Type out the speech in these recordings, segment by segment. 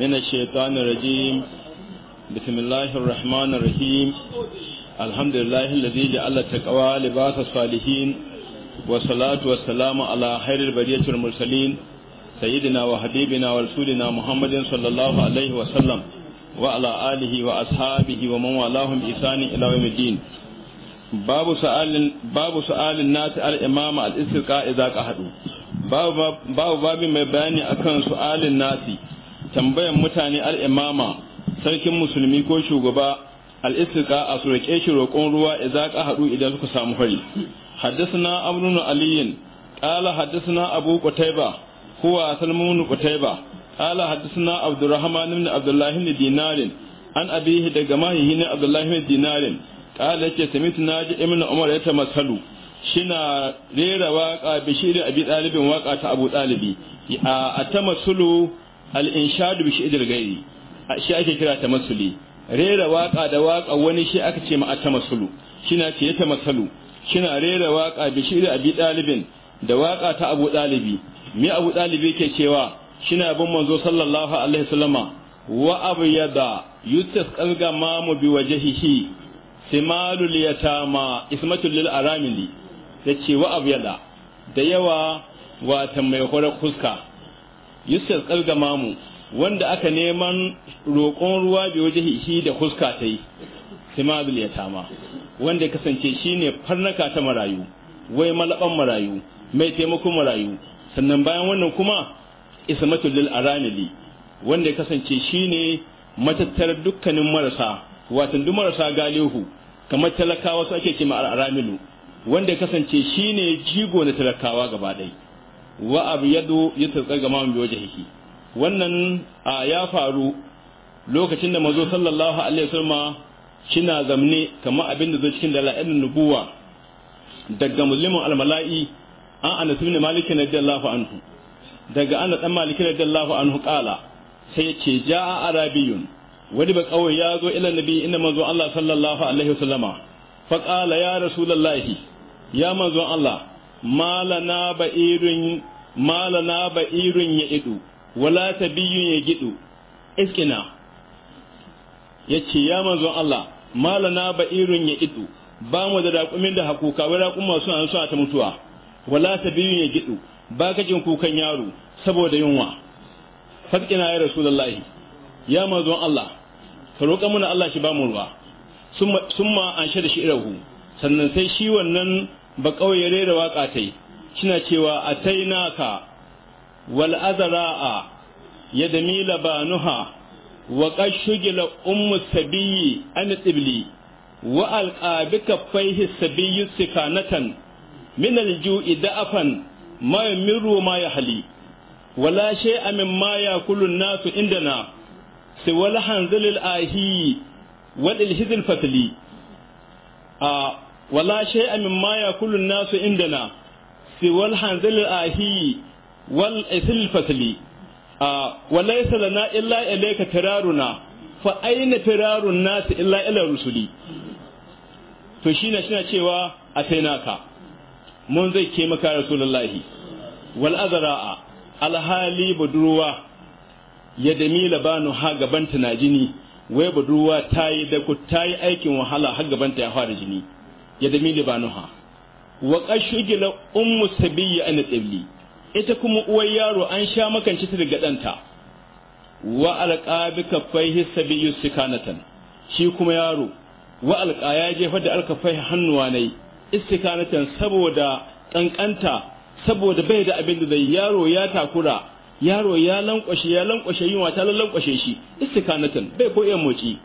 من الشيطان الرجيم بسم الله الرحمن الرحيم الحمد لله الذي جعل التقوى لباس الصالحين والصلاة والسلام على خير البرية المرسلين سيدنا وحبيبنا ورسولنا محمد صلى الله عليه وسلم وعلى آله وأصحابه ومن والاهم بإحسان إلى يوم الدين باب سؤال باب سؤال الناس الإمام الاستلقاء إذا قعدوا babu babu mai bayani akan su'alin nasi tambayan mutane al'imama sarkin musulmi ko shugaba al’isirka a surake shi roƙon ruwa idza ka haɗu idan suka samu hari na amrun aliyin ƙala haddasna abu qutayba huwa salmun qutayba qala haddasna abdurrahman ibn Abdullahi na Dinarin. an abihi daga mahihi ne abdullah ibn dinar ce samitu naji Imin umar ya tamassalu shina rera waka bishiri abi dalibin waka ta abu dalibi a ta masulu. al-inshadu bi shi'ir a shi ake kira tamasuli rera waka da waka wani shi aka ce ma atamasulu shina ce shi na rera waka bi shi'ir abi dalibin da waka ta abu dalibi mi abu dalibi ke cewa shina bin manzo sallallahu alaihi wasallama wa abyada ma mu bi wajhihi simalul yatama ismatul lil aramili yace wa abyada da yawa wata mai kwarar fuska yusuf kalgama mu wanda aka neman roƙon ruwa bi waje da huska ta yi timadul ya tama wanda ya kasance ne farnaka ta marayu wai malaban marayu mai taimakon marayu sannan bayan wannan kuma ismatul lil aranili wanda ya kasance ne matattar dukkanin marasa watan duk marasa galihu kamar talakawa su ake ce ma aramilu wanda ya kasance ne jigo na talakawa gaba ɗaya wa abyadu yatazaggama bi wajhihi wannan ya faru lokacin da mazo sallallahu alaihi wasallam kina zamne kamar abin da zai cikin dala'ilin nubuwa daga muslimin almala'i an anas ibn malik radiyallahu anhu daga anas dan malik radiyallahu anhu qala sai yace jaa arabiyun wani ba kawai ya zo ila nabi inna manzo Allah sallallahu alaihi wasallama fa qala ya rasulullahi ya manzo Allah malana ba'irun malana irin ya idu wala ta biyu ya gidu iskina yace ya manzon Allah malana irin ya idu ba mu da raƙumin da hakuka wai raƙum masu an suna ta mutuwa wala ta biyun ya gidu ba ka jin kukan yaro saboda yunwa fatkina ya rasulullahi ya manzon Allah ka roƙa muna Allah shi ba mu ruwa summa an da shi irahu sannan sai shi wannan ba kawai ya rera waka ta yi cewa a tainaka naka azra'a ya dami labanuha, wa qashugila ummu sabiyyi an tibli wa alqabika faihi sabiyyu sikanatan min alju'i da'afan ma roma ma hali, wala amin ma ya kulun nasu indana na, wala hanzalil ahi wal ilhizil a wala shay'a mimma yakulu an-nasu indana siwal hanzil ahi wal isil fasli ah, walaysa lana illa ilayka firaruna fa aina firarun nas illa ila rusuli to shine shine cewa a tainaka mun zai ke maka rasulullahi wal azra'a alhali budurwa ya dami labanu ha gabanta na jini wai budurwa ta yi da ku ta yi aikin wahala har gabanta ya fara jini ya dami nuha wa ummu sabiyya an tsibli ita kuma uwar yaro an sha makanci ta daga danta wa alqabi kaffaihi sabiyyu sikanatan shi kuma yaro wa alqa ya jefar da alkafai hannuwa nai istikanatan saboda kankanta saboda bai da abin da zai yaro ya takura yaro ya lankwashe ya lankwashe yunwa ta lankwashe shi istikanatan bai ko iya moci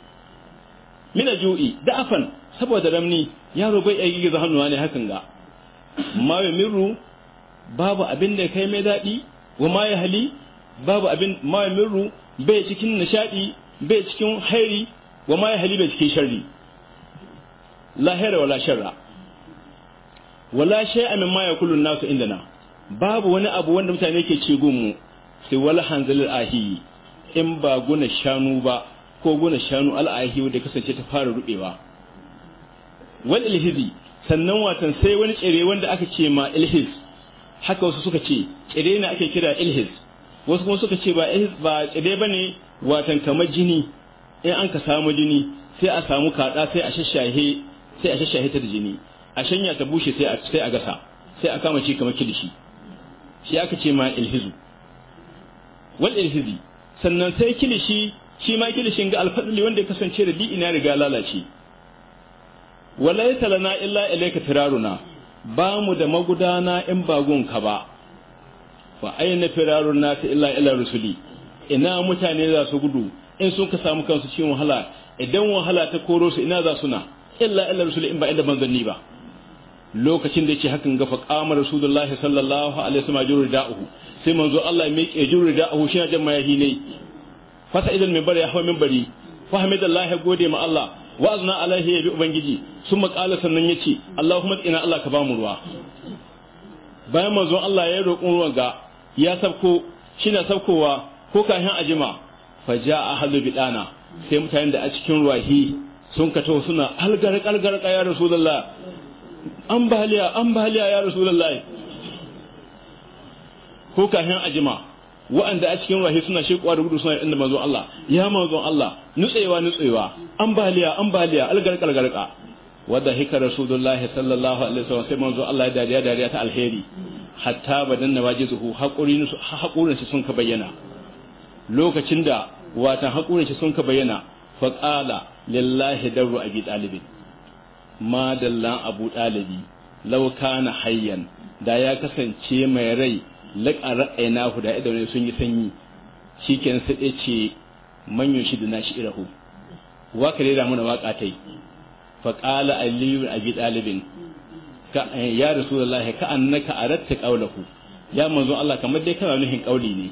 mina ju'i da afan saboda ramni yaro bai yi gizo hannuwa ne hakan ga ma ya miru babu abin da kai mai daɗi wa ma ya hali babu abin ma ya mirru bai cikin nishaɗi bai cikin hairi wa ma ya hali bai cikin sharri la wala sharra wala shay'a min ma yakulu nasu indana babu wani abu wanda mutane ke ce gunmu sai wala hanzalil ahi in ba guna shanu ba ko guna shanu al'ahi da kasance ta fara rubewa wal ilhizi sannan watan sai wani tsere wanda aka ce ma ilhiz haka wasu suka ce tsere ne ake kira ilhiz wasu kuma suka ce ba ilhiz ba tsere bane watan kamar jini in an ka samu jini sai a samu kada sai a shashahe sai a shashahe ta da jini a shanya ta bushe sai a sai a gasa sai a kama shi kamar kilishi shi aka ce ma ilhizu wal ilhizi sannan sai kilishi shi ma kilishin ga alfadli wanda ya kasance da bi-ina riga lalace walaysa lana illa ilayka firaruna ba mu da magudana in ba ba fa aina firarun ta illa ila rusuli ina mutane za su gudu in sun ka samu kansu cikin wahala idan wahala ta koro su ina za suna illa ila rusuli in ba inda manzanni ba lokacin da yake hakan ga faqama rasulullahi sallallahu alaihi wasallam jurri da'uhu sai manzo Allah ya miƙe jurri da'uhu shi jan mayahi ne fasa idan mai bari ya hawa minbari ya gode ma Allah wa azna alaihi ya bi ubangiji sun makala sannan ya ce allahumma ina allah ka bamu ruwa bayan manzo allah ya roƙon ruwan ga ya sabko shi na sabkowa ko kahin ajima fa ja bi ɗana. sai mutanen da a cikin ruwahi sun kato suna algar kalgar ya rasulullah ambaliya ambaliya ya rasulullah ko kahin ajima wa'anda a cikin rahi suna shekuwa da gudu suna inda mazo Allah ya mazo Allah nutsewa nutsewa ambaliya ambaliya algarkal garka wadda hika rasulullahi sallallahu alaihi wasallam sai mazo Allah ya dariya dariya ta alheri hatta badan nawajizuhu hakurin su hakurin shi sun ka bayyana lokacin da wata hakurin sun ka bayyana fa qala lillahi daru abi talibin ma dallan abu talibi law kana hayyan da ya kasance mai rai laƙa ra'ayina huda idan ne sun yi sanyi shi kenan sai ɗaya ce manyan shi da na shi irahu waka rera mana waka ta yi ƙala aliyu bi ɗalibin eh, ya rasu da lahi ka a ratta qawlahu ya manzo Allah kamar dai kana nuhin ƙauli ne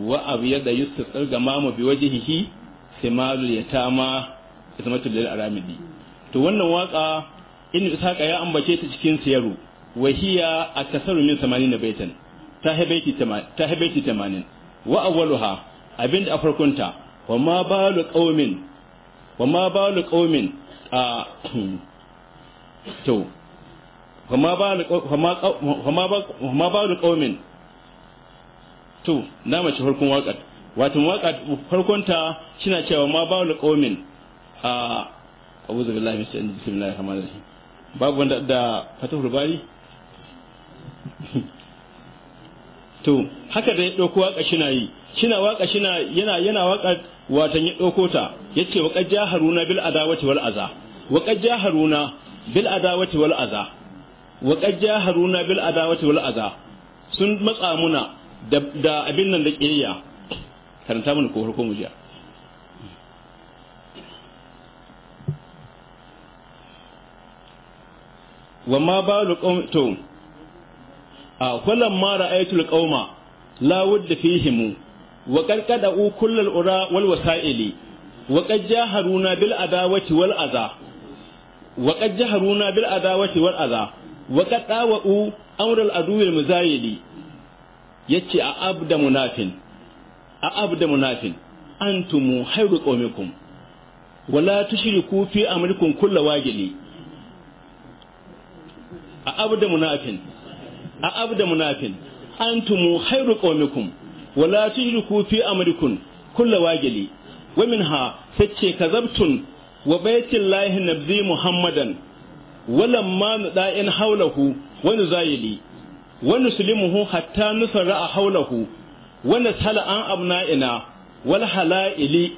wa abu yadda yustasar ga mamu bi ma ya zama ismatul a ramidi to wannan waka in ishaqa ya ambace ta cikin siyaru wahiya kasar min na baitan ta habaiti tamanin wa awwaluha abinda a farkonta wa ma balu qaumin wa ma balu qaumin a to wa ma balu wa ma to na mace farkon waƙar wato waƙa farkonta shina cewa ma balu qaumin a auzu billahi min bismillahir rahmanir rahim babu wanda da fatahul bari to haka da ya ɗauko waka shina yi shina waka shina yana yana waka watan ya ɗauko ta ya ce wa qad jaharuna bil adawati wal aza wa qad jaharuna bil adawati wal aza wa qad jaharuna bil adawati wal aza sun matsa muna da abin nan da ƙirya karanta mana ko harko mu jiya wa ma ba lu qawm to a kullum ma ra'aytul qauma la wudda fihim wa qarqadu kullal ura wal wasa'ili wa qad jaharuna bil adawati wal adha wa qad jaharuna bil adawati wal adha wa qad dawa'u amr al adu al muzayidi yace a abda munafin a abda munafin antum hayru qaumikum wala tushriku fi amrikum kullu wajili a abda munafin a abda munafin antumu khairu qaumikum wala tujliku fi amrikum kullu wajili wa minha sace kazabtun wa baitin lahi nabzi muhammadan walamma nuda'in haulahu wa nuzayili wa nuslimuhu hatta nusara haulahu wa nashala an abna'ina wal halaili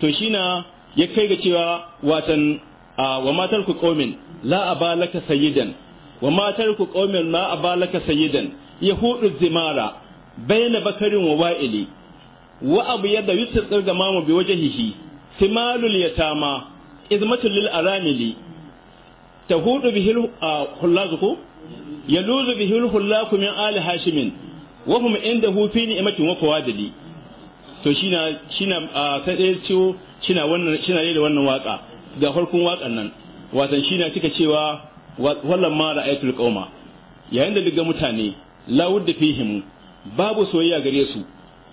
to shina ya kai ga cewa watan wa matal ku qaumin la abalaka sayyidan wa matar ku qaumin ma abalaka sayyidan hudu zimara baina bakarin wa wa'ili wa abu yadda yusir da mamu bi wajhihi timalul yatama izmatul lil aramili tahudu bihil luzu bi bihil hullaku min ali hashimin wa hum hu fi ni'matin wa fawadili to shina shina ta dai ciwo shina wannan shina da wannan waka ga farkon wakan nan watan shina kika cewa wallan ma ra'aytul qauma yayin da diga mutane la wudda fihim babu soyayya gare su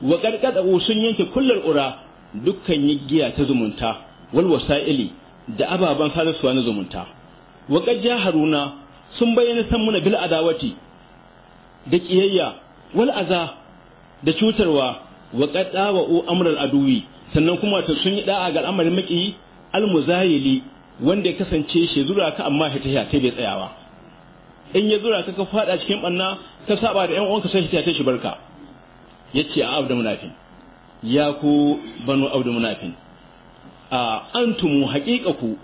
wa qarqada sun yanke kullal ura dukkan yigiya ta zumunta wal wasaili da ababan sadarwa na zumunta wa qajja haruna sun bayyana san muna bil adawati da kiyayya wal aza da cutarwa wa qaddawa amral aduwi sannan kuma ta sun yi da'a ga al'amarin maki al muzayili wanda ya kasance shi zura ka amma shi tahiya sai bai tsayawa in ya zura ka ka fada cikin banna ka saba da yan uwanka sai shi ta shi barka yace a abdu munafin ya ku banu abdu munafin a antumu haqiqaku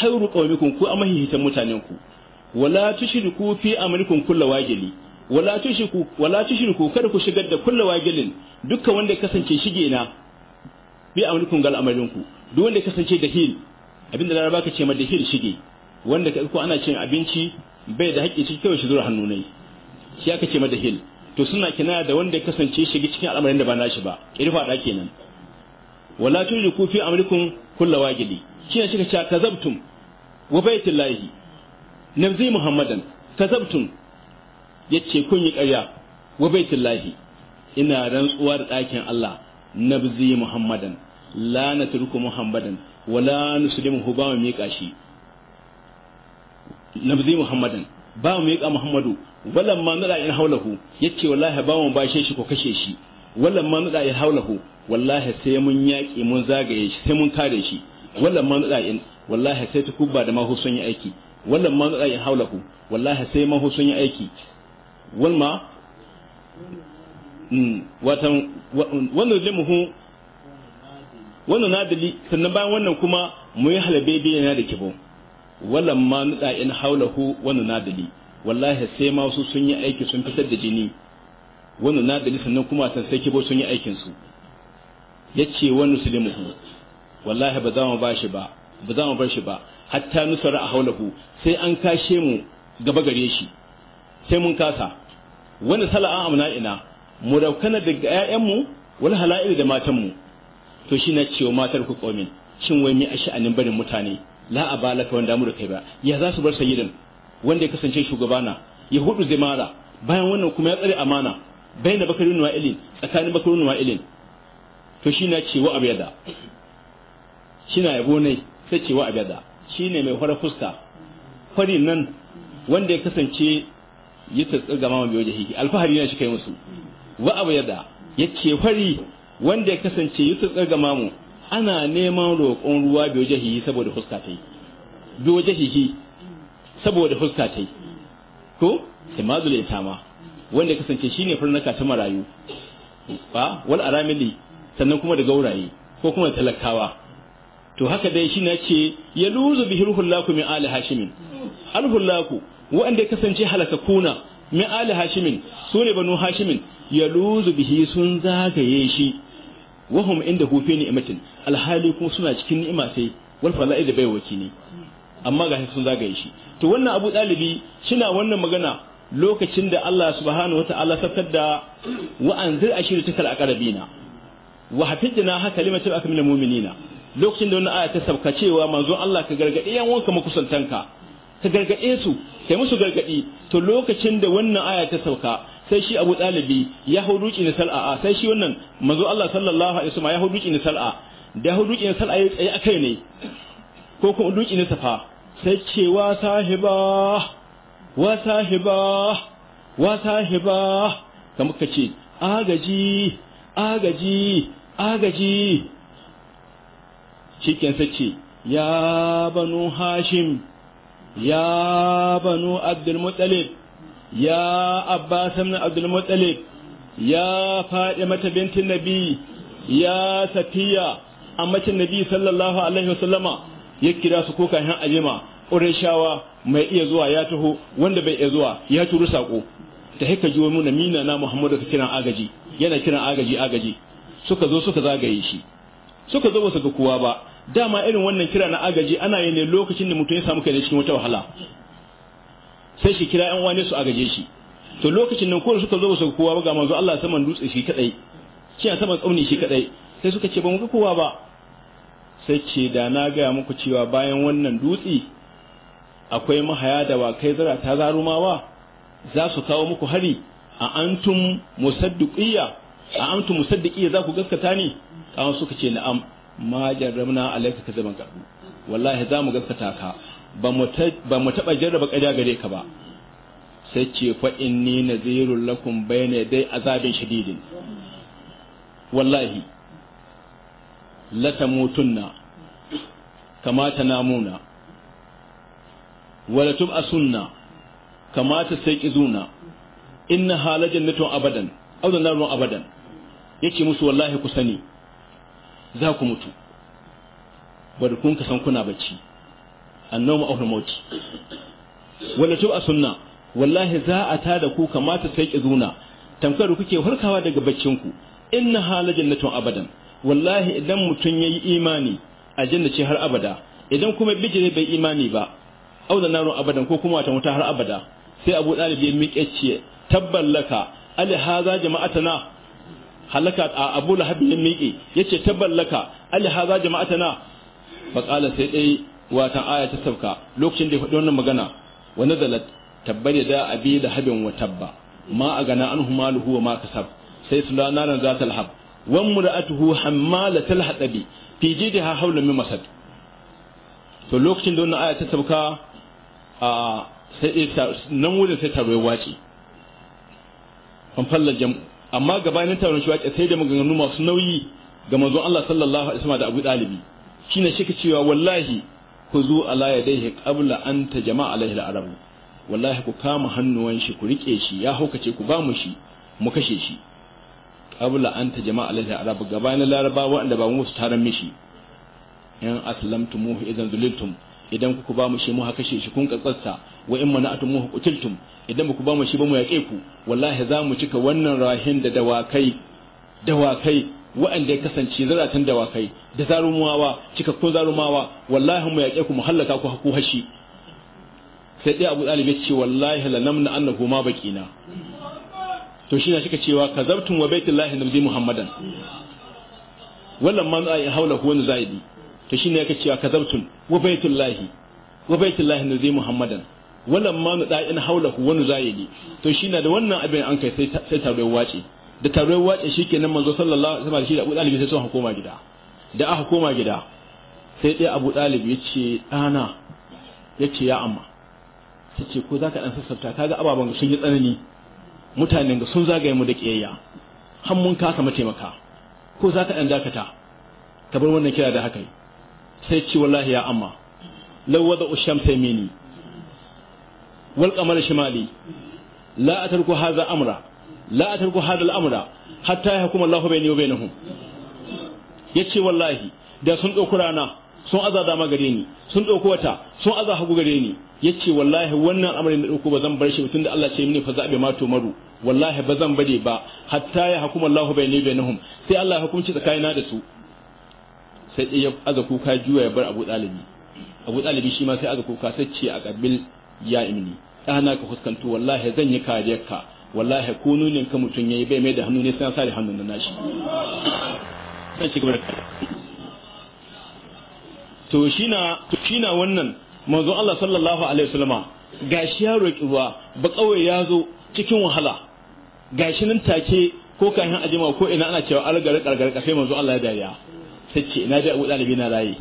khairu qawmikum ku hitan mutanen ku wala tushriku fi amrikum kullu wajili wala tushriku wala tushriku kada ku shigar da kullu wajilin dukkan wanda ya kasance shige na bi amrikum gal amalinku duk wanda ya kasance da hil Abin da laraba ka ce madahir shige wanda ka ko ana cin abinci bai da haƙƙi ciki kawai shi zura hannu ne shi aka ce madahil to suna kina da wanda ya kasance shige cikin al'amarin da ba nashi ba irfa da kenan wala turiku fi amrikum kullu wagili shine shi ka ce kazabtum wa baitullahi nabzi muhammadan kazabtum yace kun yi ƙarya wa baitullahi ina rantsuwa da ɗakin Allah nabzi muhammadan la turku muhammadan wala nuslimuhu ba mu miƙa shi nabzi muhammadan ba mu miƙa muhammadu wallan ma nada in haulahu yace wallahi ba mu bashe shi ko kashe shi wallan ma nada in haulahu wallahi sai mun yaƙi mun zagaye shi sai mun kare shi wallan ma nada in wallahi sai ta kubba da mahu sun yi aiki wallan ma nada in haulahu wallahi sai mahu sun yi aiki walma hmm, watan wannan limuhu wannan na nadali sannan bayan wannan kuma mu yi halabe yana da kibo wallan ma nuda in haulahu wannan na dali wallahi sai ma su sun yi aiki sun fitar da jini wannan na dali sannan kuma san sai kibo sun yi aikin su yace su nuslimuhu wallahi ba za mu bashi ba ba za mu bar ba hatta nusara a haulahu sai an kashe mu gaba gare shi sai mun kasa wani sala'a amna ina mu daukana daga 'ya'yanmu wal hala'il da matanmu to shi na cewa matar ku komin shin wai mi a sha'anin barin mutane la bala ka wanda mu kai ba ya za su bar sayyidin wanda ya kasance shugabana ya hudu zimara bayan wannan kuma ya tsare amana bai baina bakarin ilin tsakanin bakarin ilin. to shi na cewa abiyada shi na yabo ne sai cewa abiyada shi ne mai fara fuska fari nan wanda ya kasance ya tsirga mamaye wajen hiki alfahari na shi kai musu wa yadda ya ce fari wanda ya kasance yi tsirtsar ga mamu ana neman roƙon ruwa biyo jahihi saboda fuska ta yi biyo jahihi saboda fuska ta yi ko sai ma zule ta ma wanda ya kasance shi ne farnaka ta marayu ba wal aramili sannan kuma da gauraye ko kuma da talakawa to haka dai shi na ce ya luzu bihi laku min ali hashimin alhullaku wanda ya kasance halaka kuna min ali hashimin su ne banu hashimin ya luzu bihi sun zagaye shi wahum inda hu ni imatin alhali kuma suna cikin ni'ima sai wal fala'i da baiwaki ne amma ga sun zagaye shi to wannan abu dalibi shina wannan magana lokacin da Allah subhanahu wata'ala saukar da wa'anzir tikal aqrabina wa hafidna ha kalimatu akmil mu'minina lokacin da wannan aya ta sauka cewa manzon Allah ka gargade yan wanka makusantanka ka gargade su kai musu gargadi to lokacin da wannan aya ta sauka sai shi Abu Dalibi ya hudu na sal'a sai shi wannan manzo Allah sallallahu alaihi wasallam ya hudu na sal'a da ya hudu na sal'a ya tsaye akai ne ko kuma hudu na safa sai ce wa sahiba wa sahiba wa sahiba kamar ka ce agaji agaji agaji cikin sace ya banu hashim ya banu abdul muttalib يا عباس بن عبد المطلب يا فاطمة بنت النبي يا سفية أمة النبي صلى الله عليه وسلم يكرا سكوكا هن أجمع ƙurashawa mai iya zuwa ya taho wanda bai iya zuwa ya turu saƙo ta haka ji wani namina na muhammadu ka kiran agaji yana kiran agaji agaji suka zo suka zagaye shi suka zo wasu ga kowa ba dama irin wannan kira na agaji ana yi ne lokacin da mutum ya samu kai da cikin wata wahala sai shi kira yan wani su agaje shi to lokacin nan kowa suka zo ba su kowa ba ga manzo Allah saman dutse shi kadai shi a saman tsauni shi kadai sai suka ce ba mu ga kowa ba sai ce da na gaya muku cewa bayan wannan dutse akwai mahaya da wa kai zara ta zarumawa za su kawo muku hari a antum musaddiqiyya a antum musaddiqiyya za ku gaskata ni kawai suka ce na'am ma jarramna alayka kazaban kadu wallahi za mu gaskata ka ba mu taɓa jarraba ƙarya gare ka ba sai ce fa inni nazirul lakum bayna dai azabin shadidin wallahi la tamutunna kama tanamuna wala tub'asunna kama ina halajen nuton abadan aw ruwan abadan yake musu wallahi ku sani za ku mutu Bari kun ka kuna bacci annoma ohun al wanda wala tuba sunna wallahi za a ta da ku kamata sai ki zuna tamkar ku ke harkawa daga baccin ku inna hala jannatu abadan wallahi idan mutun yayi imani a jannati har abada idan kuma bijire bai imani ba aw da narun abadan ko kuma wata wuta har abada sai abu dalibi ya miƙe ce tabballaka ali haza jama'atana halaka a abu lahab ya miƙe yace tabballaka ali haza jama'atana fa qala sai dai watan aya ta sauka lokacin da ya faɗi wannan magana wa nazalat tabbari da abi lahabin wa tabba ma a gana an huma luhu wa ma kasab sai su lanaran za ta lahab wan mura'atuhu hammalatal hadabi fi jidha hawla min masad to lokacin da wannan aya ta sauka a sai nan wurin sai taro ya wace an jam'u amma gabanin taron shi wace sai da maganganu masu nauyi ga manzon Allah sallallahu alaihi wasallam da Abu Dalibi shine shi ka cewa wallahi ku ala yadayhi qabla an tajma alaihi al-arab wallahi ku kama hannuwan shi ku rike shi ya haukace ku ba mu shi mu kashe shi qabla an tajma alaihi al-arab gabanin laraba wanda ba mu su taron mishi in aslamtumuhu idan zuliltum idan ku ba mu shi mu hakashe shi kun katsatsa wa in mana'atum mu qutiltum idan ku ba mu shi ba mu yaƙe ku wallahi za mu cika wannan rahin da dawakai dawakai wa'anda ya kasance zaratan dawakai da zarumawa cikakkun zarumawa wallahi mu yaƙe ku mu hallaka ku haku hashi sai dai abu ɗalib ya ce wallahi la namna annahu ma baqina to shi ne shi cewa kazabtum wa na namdi muhammadan wallan man ai haula huwa zaidi to shi ne ka cewa kazabtum wa baitullahi wa na namdi muhammadan wallan man da'in haula huwa zaidi to shi na da wannan abin an kai sai sai ce. wace da taro ya wace shikenan manzo sallallahu alaihi wasallam shi da Abu Talib sai sun koma gida da aka koma gida sai dai Abu Talib ce dana yace ya amma ce ko zaka dan sassafta kaga ababan sun yi tsanani mutanen ga sun zagaye mu da kiyayya har mun kasa mataimaka ko zaka dan dakata ka bar wannan kira da haka sai ce wallahi ya amma law wada usham mini wal qamar shimali la atarku hadha amra la atarku hadal amra hatta yahkum Allahu bai wa Ya ce wallahi da sun dauko rana sun aza dama gare ni sun dauko wata sun aza hagu gare ni ce wallahi wannan amarin da ba bazan bar shi tunda Allah ce mini fa zabe ma maru wallahi bazan bade ba hatta yahkum Allahu bayni bai bainahum sai Allah ya hukunci tsakanina da su sai ya aza kuka juya ya bar Abu ɗalibi. Abu ɗalibi shi ma sai aza kuka sai ce a kabil ya imni ɗana ka fuskanto wallahi zan yi kariyarka wallahi ko nunin ka mutum yayi bai mai da hannu ne sai sa da hannun nashi sai ci gaba to shina to shina wannan manzo Allah sallallahu alaihi wasallama gashi ya roki ruwa ba kawai ya zo cikin wahala gashi nan take ko kayan ajima ko ina ana cewa algar gargar sai manzo Allah ya dariya sai ce ina da Abu Dalibi na rayi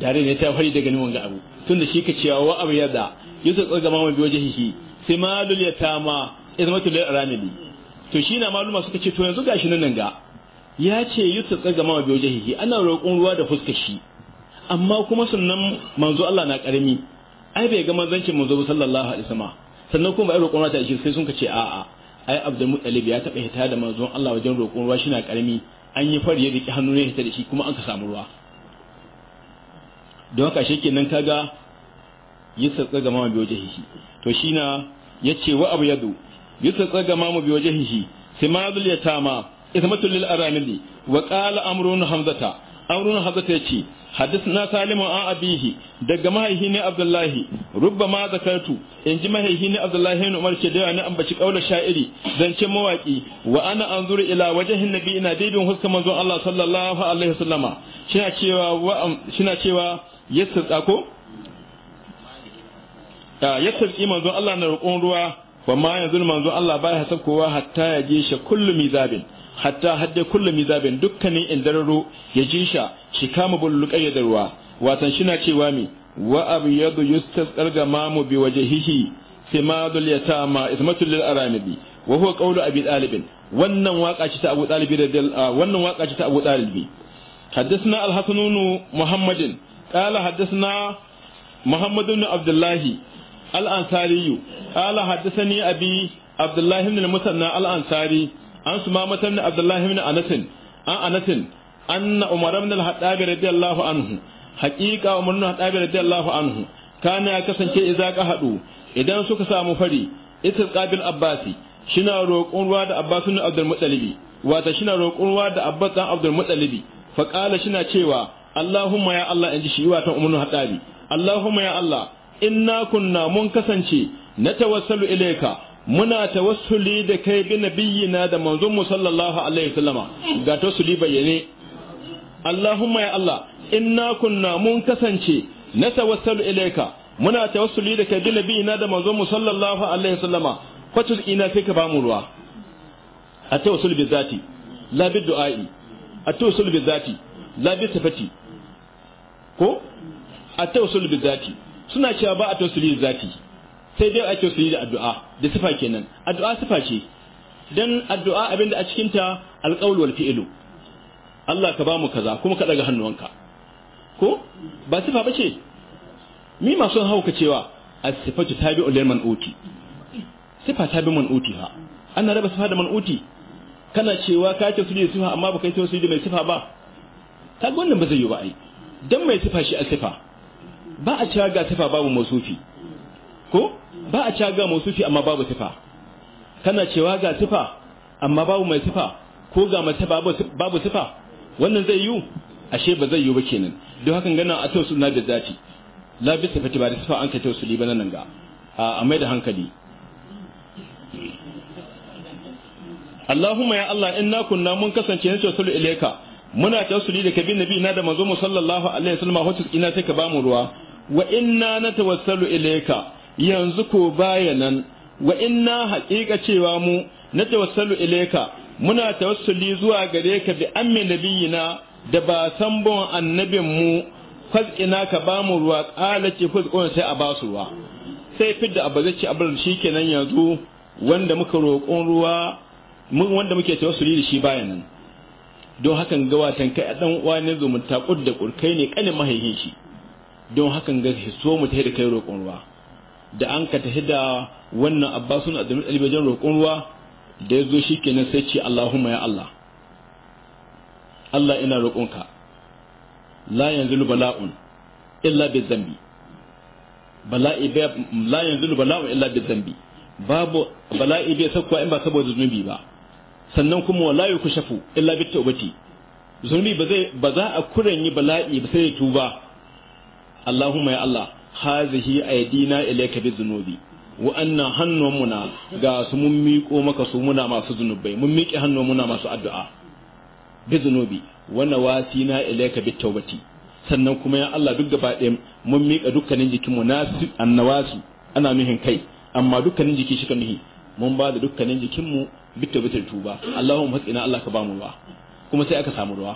dare ne ta fari daga nan ga abu tunda shi ka cewa wa abu yadda yusa tsaga mamaye wajehihi sai malul yatama izmatul lil aramili to shi na maluma suka ce to yanzu gashi nan ga ya ce yutu tsaga ma biyo jahihi ana roƙon ruwa da fuska shi amma kuma sannan manzo Allah na karami ai bai ga manzancin manzo sallallahu alaihi wasallam sannan kuma bai roƙon ruwa ta shi sai sun ka ce a'a ai abdul mutalib ya taɓa hita da manzon Allah wajen roƙon ruwa shi na karami an yi fari ya riki hannu ne hita da shi kuma an ka samu ruwa don haka nan kaga yi tsaga ma biyo jahihi to shi na ya ce wa abu yadu يتقدم بوجهه سماد اليتامى إثمة للأرامل وقال أمر حمزة أمر حمزة يتي حدثنا سالم عن أبيه دقما هيني عبد الله ربما ذكرت إن جمع هيني عبد الله بن عمر شديع أنا أنبش قول الشاعري زنش مواقي وأنا أنظر إلى وجه النبي إن ديد حسك منظور الله صلى الله عليه وسلم شنا شوا شنا شوا يسرق أكو يسرق إيمان الله نرقون رواه wa ma yanzu manzo Allah baya kowa hatta ya je shi kullu mizabin hatta hadde kullu mizabin dukkanin indararo ya ji sha shi kama bulluƙai ya darwa watan na cewa mi wa abyadu yustasqal gamamu bi wajhihi simadul yatama ismatul lil aramibi wa huwa qawlu abi talib wannan waka ce ta abu talib ah, wannan waka ce ta abu talib حدثنا الحسن بن محمد قال حدثنا محمد بن عبد الله الأنصاري قال حدثني أبي عبد الله بن المثنى الأنصاري عن سمامة بن عبد الله بن أنس عن أنس أن عمر بن الخطاب رضي الله عنه حقيقة عمر بن الخطاب رضي الله عنه كان يكسن كي إذا قهدوا إذا سك سامو فري إتسقى بالعباس شنا روقون واد عباس بن عبد المطلب واتا شنا روقون واد عباس بن عبد المطلب فقال شنا cewa Allahumma ya Allah in ji shi watan umurnin haɗari Allahumma ya Allah inna kunna mun kasance na tawassalu ileka muna tawassuli da kai bi nabiyyina da manzon mu sallallahu alaihi wasallama ga tawassuli bayyane Allahumma ya Allah inna kunna mun kasance na tawassalu ileka muna tawassuli da kai bi nabiyyina da manzon mu sallallahu alaihi wasallama kwatu ina sai ka ba mu ruwa a tawassul bi zati la bi du'ai a tawassul bi zati la bi tafati ko a tawassul bi zati suna cewa ba a tausiri da zafi sai dai a tausiri da addu'a da sifa kenan addu'a sifa ce dan addu'a abinda a cikin ta alqaul wal fi'lu Allah ka bamu kaza kuma ka daga hannuwanka ko ba sifa bace mi ma sun hauka cewa as-sifatu tabi'u lil man'uti sifa ta bi man'uti ha ana raba sifa da man'uti kana cewa ka tausiri da sifa amma baka yi da mai sifa ba ka wannan ba zai yi ba ai dan mai sifa shi a sifa ba a cewa ga babu masufi, ko ba a cewa ga amma babu sifa kana cewa ga sifa amma babu mai sifa ko ga mace babu sifa wannan zai yiwu ashe ba zai yiwu ba kenan don hakan gana a tausu na da zati la bi sifati ba da sifa an ka tausu liba nan ga a mai da hankali Allahumma ya Allah inna kunna mun kasance ne tausul ilaika muna tausuli da kabin nabi na da manzo musallallahu sallallahu alaihi wasallam hotus ina sai ka ba mu ruwa wa inna tawassalu ilayka yanzu ko bayanan wa inna haƙiƙa cewa mu na tawassalu ilayka muna tawassuli zuwa gare ka bi ammi nabiyina da ba san bon annabin mu ina ka ba mu ruwa ƙala ce fazina sai a ba su ruwa sai fidda abu zai ce abin shikenan yanzu wanda muka roƙon ruwa wanda muke tawassuli da shi bayanan don hakan gawatan kai a dan uwa ne zumunta kud da kurkai ne kanin mahaihin shi don hakan ga so mu tahi da kai roƙon ruwa da an ka tahi da wannan abbasun adamu dalibajan roƙon ruwa da ya zo shi kenan sai ce allahumma ya allah allah ina roƙonka la yanzu bala'un illa bi zambi bala'i la yanzu bala'un illa bi zambi babu bala'i bai sakwa in ba saboda zunubi ba sannan kuma wala yukushafu illa bi tawbati zunubi ba ba za a kuren yi bala'i ba sai ya tuba Allahumma ya Allah hazihi aidina ilayka bi zunubi wa'annan hannunmu na ga su mun miƙo maka su muna masu zunubai mun miƙe muna masu addu'a sannan kuma ya Allah duk gaba ɗaya mun miƙa dukkanin jikinmu na annawasu ana mihin kai amma dukkanin jiki shi ka nuhi mun ba da dukkanin jikinmu tuba Allahumma hatsina Allah ka ba mu ruwa kuma sai aka samu ruwa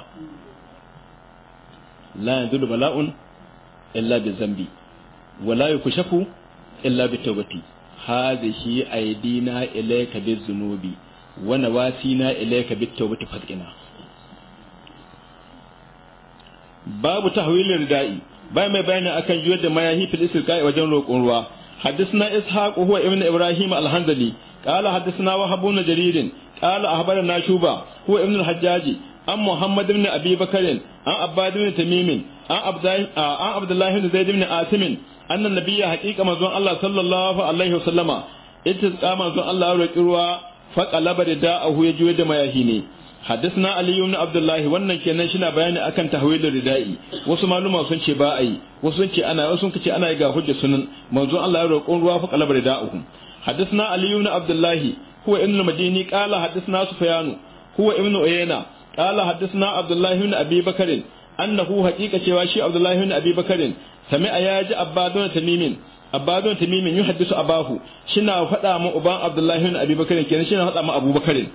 la yanzu bala'un illa bi zambi wala yukshafu illa bi tawbati hadhihi aydina ilayka bi dhunubi wa nawasina ilayka bi tawbati fadina babu tahwilin da'i bai mai bayani akan juyar da mayahi fil istilqa'i wajen roƙon ruwa حدثنا إسحاق وهو ابن إبراهيم الهندلي قال حدثنا وهب بن جرير قال أخبرنا شوبة هو ابن الحجاج عن محمد بن أبي بكر عن عباد بن تميم an abdullahi ne zai zaid asimin asim anna nabiyya haƙiƙa mazuwan Allah sallallahu alaihi wasallama ittiqa manzon Allah ya roƙi ruwa faƙa qalaba da a huye juye da mayahi ne haddathna ali ibn abdullahi wannan kenan shi na bayani akan tahwilur rida'i wasu maluma sun ce ba a yi wasu sun ce ana wasu sun ce ana yi ga hujja sunan manzon Allah ya roƙon ruwa fa qalaba da da'ahu haddathna ali ibn abdullahi huwa ibn madini qala haddathna sufyan huwa ibn uyayna qala haddathna abdullahi ibn abi bakr annahu haqiqa cewa shi Abdullahi ibn Abi Bakarin sami'a ya ji Abbadun Tamimin Abbadun Tamimin yuhaddisu abahu shina faɗa mu uban Abdullahi ibn Abi Bakarin kenan shina faɗa mu Abu Bakarin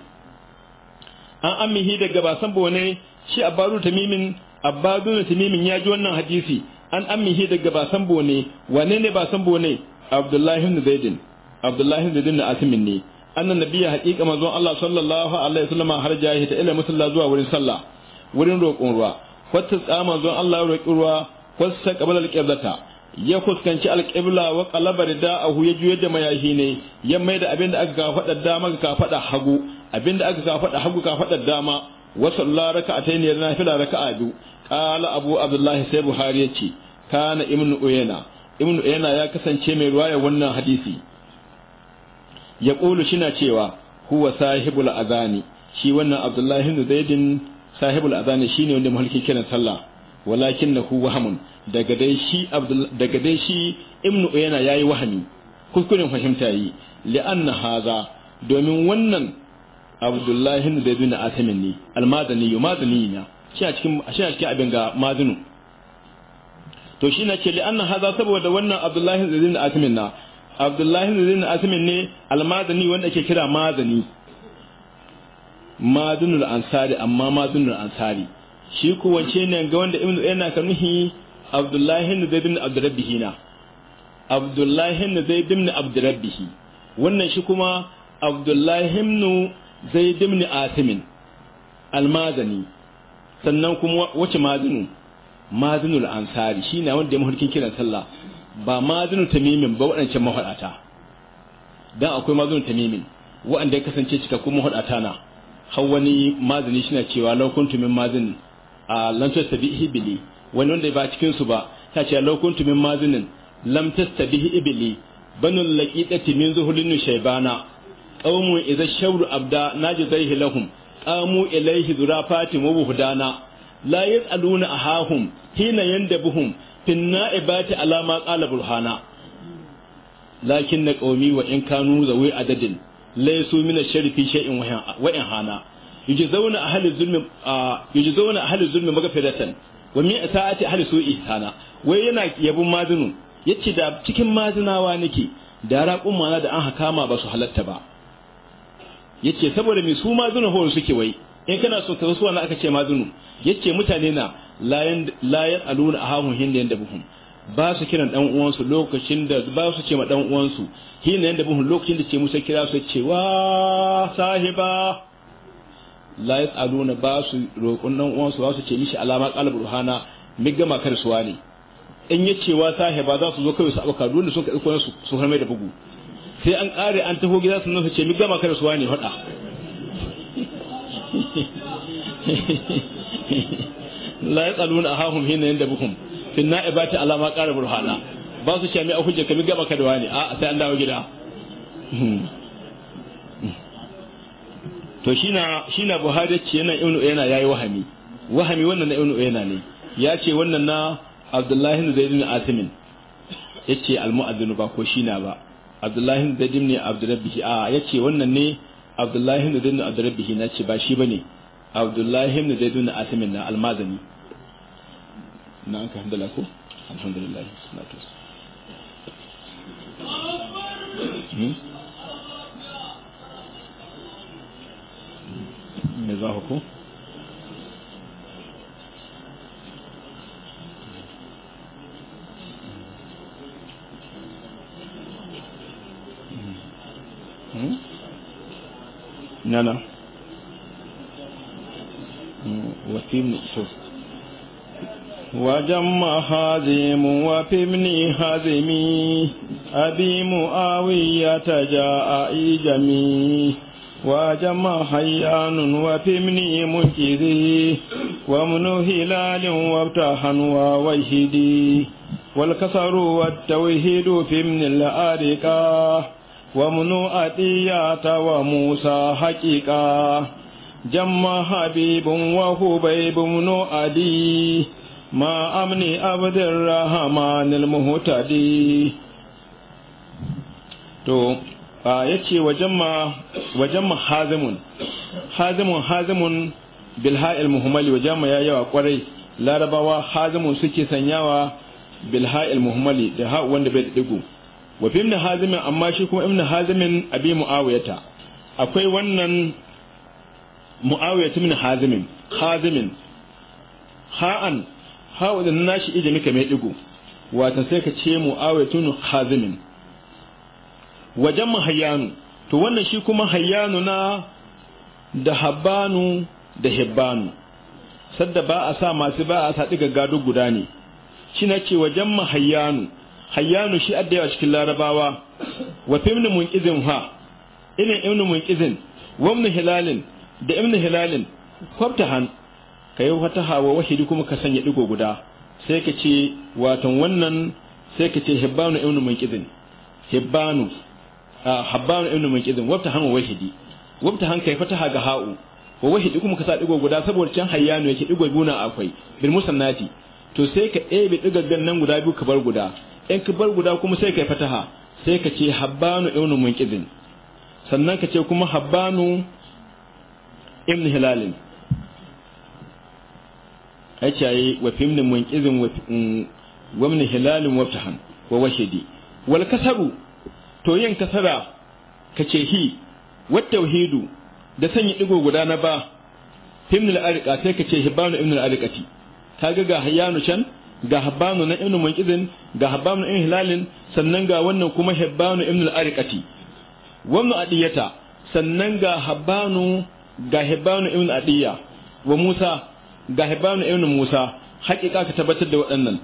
an ammihi daga basan bone shi Abbadun Tamimin Abbadun Tamimin ya ji wannan hadisi an ammihi daga basan bone wane ne ba san bone Abdullahi ibn Zaidin Abdullahi ibn Zaidin na Asimin ne annan nabiya haƙiƙa manzon Allah sallallahu alaihi wasallam har jahi ta ila musalla zuwa wurin sallah wurin roƙon ruwa wata tsama zuwan Allah ya roƙi ruwa wasta kabal alqiblata ya fuskanci alqibla wa qalaba rida'ahu ya juyar da mayahi ne ya mai da abinda aka kafada dama ka kafada hagu abinda aka kafaɗa hagu ka kafada dama wa salla raka'atayn ya nafila a biyu qala abu abdullahi sai buhari ya ce kana ibnu uyana ibnu uyana ya kasance mai ruwaya wannan hadisi ya kulu shina cewa huwa sahibul azani shi wannan abdullahi ibn zaidin sahibul adani shine wanda mulki kiran sallah walakinahu wahamun daga dai shi abdul daga dai shi ibnu uyana yayi wahami kuskuren fahimta yi li'anna haza domin wannan abdullahi ibn zaid bin atamin ne almadani yumadani ne shi a cikin shi a cikin abin ga madinu to shi na ce li'anna haza saboda wannan abdullahi ibn zaid bin atamin na abdullahi ibn zaid bin atamin ne almadani wanda ake kira madani madunul ansari amma madunul ansari shi kuwa wace ne ga wanda ibnu yana ka nuhi abdullahi ibn zaid ibn abdurabbihi na abdullahi ibn zaid ibn abdurabbihi wannan shi kuma abdullahi ibn zaid ibn asimin almazani sannan kuma wace madunu madunul ansari shi na wanda ya mahulkin kiran sallah ba madunul tamimin ba waɗancan mahaɗata dan akwai madunul tamimin waɗanda ya kasance cikakkun mahaɗata na har wani mazini shina cewa laukuntu min mazin a lam tastabihi ibli wani wanda ba cikin su ba ta ce laukuntu min mazinin lam tastabihi ibli banul laqitati min zuhulin shaybana qawmun idza shawru abda najzaihi lahum qamu ilayhi zurafatin wa buhdana la a ahahum hina yandabuhum fin na'ibati ibati alama qala burhana na ƙaumi wa in kanu zawi adadin laisu min sharifi shay'in wa in hana yujzauna ahli zulmi yujzauna ahli zulmi magafiratan wa min sa'ati ahli su'i hana wai yana yabun mazinu yace da cikin mazinawa nake da raqun mana da an hakama ba su halatta ba yace saboda me su mazinu horo suke wai in kana so ka na aka ce mazinu yace mutane na la layan aluna ahamu hinda yanda buhum ba su kiran dan uwansu lokacin da ba su ce ma dan uwansu hina yanda buhun lokacin da ce musa kira su ce wa sahiba la yasaluna ba su roƙon dan uwansu ba su ce mishi alama qalbu ruhana gama kar suwa ne in ya ce wa sahiba za su zo kai su abuka dole sun kai kuma su harme da bugu sai an kare an taho gida sun su ce gama kar suwa ne hada la yasaluna ahahum hina yanda buhun fin na'ibati alama qara burhana ba su shami a hujja kami gaba ka da wani a sai an dawo gida to shina shina buhari ce yana ibnu yana yayi wahami wahami wannan na ibnu yana ne ya ce wannan na abdullahi ibn zaid ibn asimin yace almu'adhin ba ko shina ba abdullahi ibn zaid ibn abdurabbihi a yace wannan ne abdullahi ibn zaid ibn abdurabbihi na ce ba shi bane abdullahi ibn zaid ibn asimin na almazani نعم كهند لكو الحمد لله بسم الله تعالى نزاهكو نعم نعم وسيم شوف wajen mahazimu wa fimni hazimi abi mu'awiyya ta ja'a ijami wajen mahayyanun wa fimni munkiri wa munu hilalin wata ta hanwa wahidi wal kasaru wa tawhidu fimni la'arika wa munu atiyata wa musa haƙiƙa jamma ma wa hubaibun nu'adi ما أمني عبد الرحمن المهتدي to ya ce wajen ma hazimun hazimun hazimun bilha'il muhammali wajen ma ya yawa kwarai larabawa hazimun suke sanyawa bilha'il muhammali da ha wanda bai digu wa fi imna amma shi kuma imna hazimin abi mu'awiyata akwai wannan mu'awiyata min hazimin hazimin ha'an da na nashi ije mika mai digo watan sai ka ce mu mu'awiyatun hazimin wajen hayanu to wannan shi kuma hayyanu na da habbanu da hibbanu sadda ba a sa masu ba a sa diga gado guda ne shi na ce wajen mahayyanu hayyanu shi adda yawa cikin larabawa wa fimni munqizin ha ina ibnu munqizin wa hilalin da ibnu hilalin kwabtahan ka yi fataha wa wahidi kuma ka sanya digo guda sai ka ce watan wannan sai ka ce habbanu ibnu munqidin hibbanu habbanu ibnu munqidin wata han wahidi wata hanka kai fataha ga ha'u wa wahidi kuma ka sa digo guda saboda can hayyanu yake digo guna akwai bil musannati to sai ka ɗebe digaggan nan guda biyu ka bar guda in ka bar guda kuma sai ka yi fataha sai ka ce habbanu ibnu munqidin sannan ka ce kuma habbanu ibnu hilalin ai cayi wa fimnin munqizin wa min hilalin waftahan wa washidi wal kasaru to yin kasara kace hi wat tauhidu da sanya digo guda na ba fimnil arqa sai ce hibanu ibn al arqati kaga ga hayyanu can ga habbanu na ibn munqizin ga habbanu ibn hilalin sannan ga wannan kuma habbanu ibn al arqati wannan adiyata sannan ga habbanu ga habbanu ibn adiya wa musa ga Hibban ibn Musa haƙiƙa ka tabbatar da waɗannan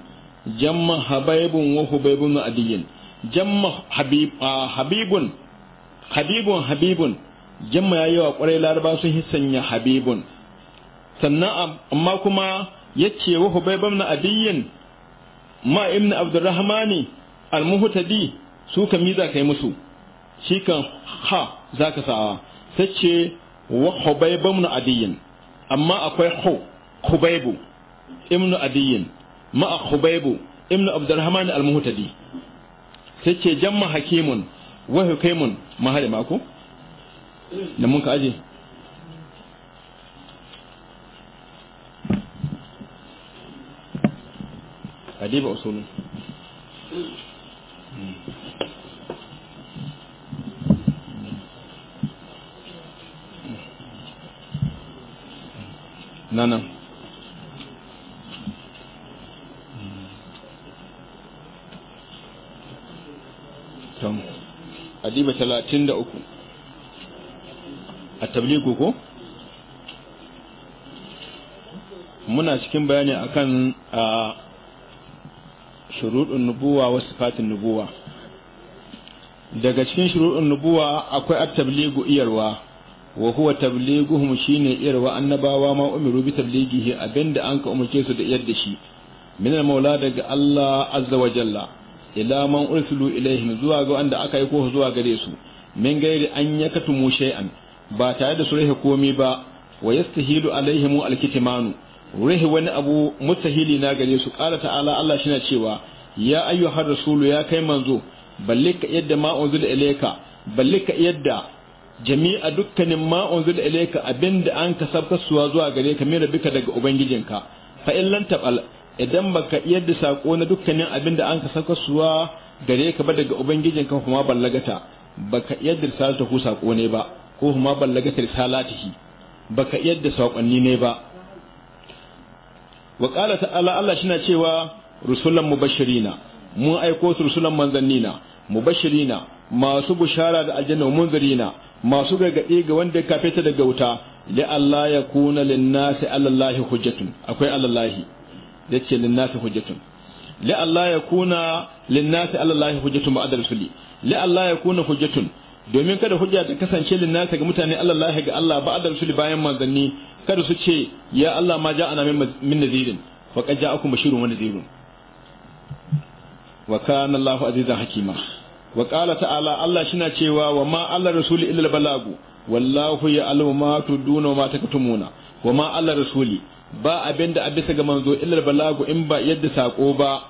jamma habaibun wa hubaibun adiyin jamma habib habibun habibun habibun jamma yayi wa ƙwarai laraba sun hissanya habibun sannan amma kuma yace wa hubaibun adiyin ma ibn abdurrahmani al-muhtadi su kan miza kai musu shi kan ha zaka sawa sace wa hubaibun adiyin amma akwai hu khubaibu ibnu ma'a khubaibu ibnu abdurrahman al-muhtadi sai ce jamma hakimun wa mahali mako tom adiba talatin da uku a tabliku ko muna cikin bayani akan a shuruɗin nubuwa wasu fatin nubuwa daga cikin shuruɗin nubuwa akwai a tabligu iyarwa wa huwa tabliguhum shine iyarwa annabawa ma umiru bi tablighihi abinda an ka umarce su da iyar da shi min al-maula daga Allah azza wa jalla ila man ursilu ilaihim zuwa ga wanda aka aiko zuwa gare su min gairi an yakatu mu shay'an ba tare da su rahe komai ba wa yastahilu alaihim alkitimanu rahe wani abu mustahili na gare su qala ta'ala Allah shi na cewa ya ayyuhar rasulu ya kai manzo ballika yadda ma unzila ilayka ballika yadda jami'a dukkanin ma unzila ilayka abinda an kasabta suwa zuwa gare ka mira bika daga ubangijinka fa in lan tabal idan baka iyar da sako na dukkanin abin da an ka saka suwa gare ka ba daga ubangijin kan kuma ballagata baka iyar da ta ko sako ne ba ko kuma ballagata risalatihi baka iyar da sakonni ne ba wa qala ta'ala Allah shina cewa rusulan mubashirina mun aiko su rusulan manzannina mubashirina masu bushara da aljanna munzirina masu gargaɗi ga wanda ya kafe daga wuta li Allah ya kuna lin nasi alallahi hujjatun akwai alallahi yace linnasi hujjatun la Allah ya kuna linnasi Allah hujjatun ba'da rusuli la Allah ya kuna hujjatun domin kada hujja ta kasance linnasi ga mutane Allah ga Allah ba'da rusuli bayan manzanni kada su ce ya Allah ma ja'ana min nadirin faqad ja'akum bashirun wa nadirun wa kana Allahu azizan hakima wa qala ta'ala Allah shina cewa wa ma Allah rasuli illa balagu wallahu ya'lamu ma tuduna wa ma takatumuna wa ma Allah rasuli ba abin da bisa ga manzo illar balagu in ba yadda sako ba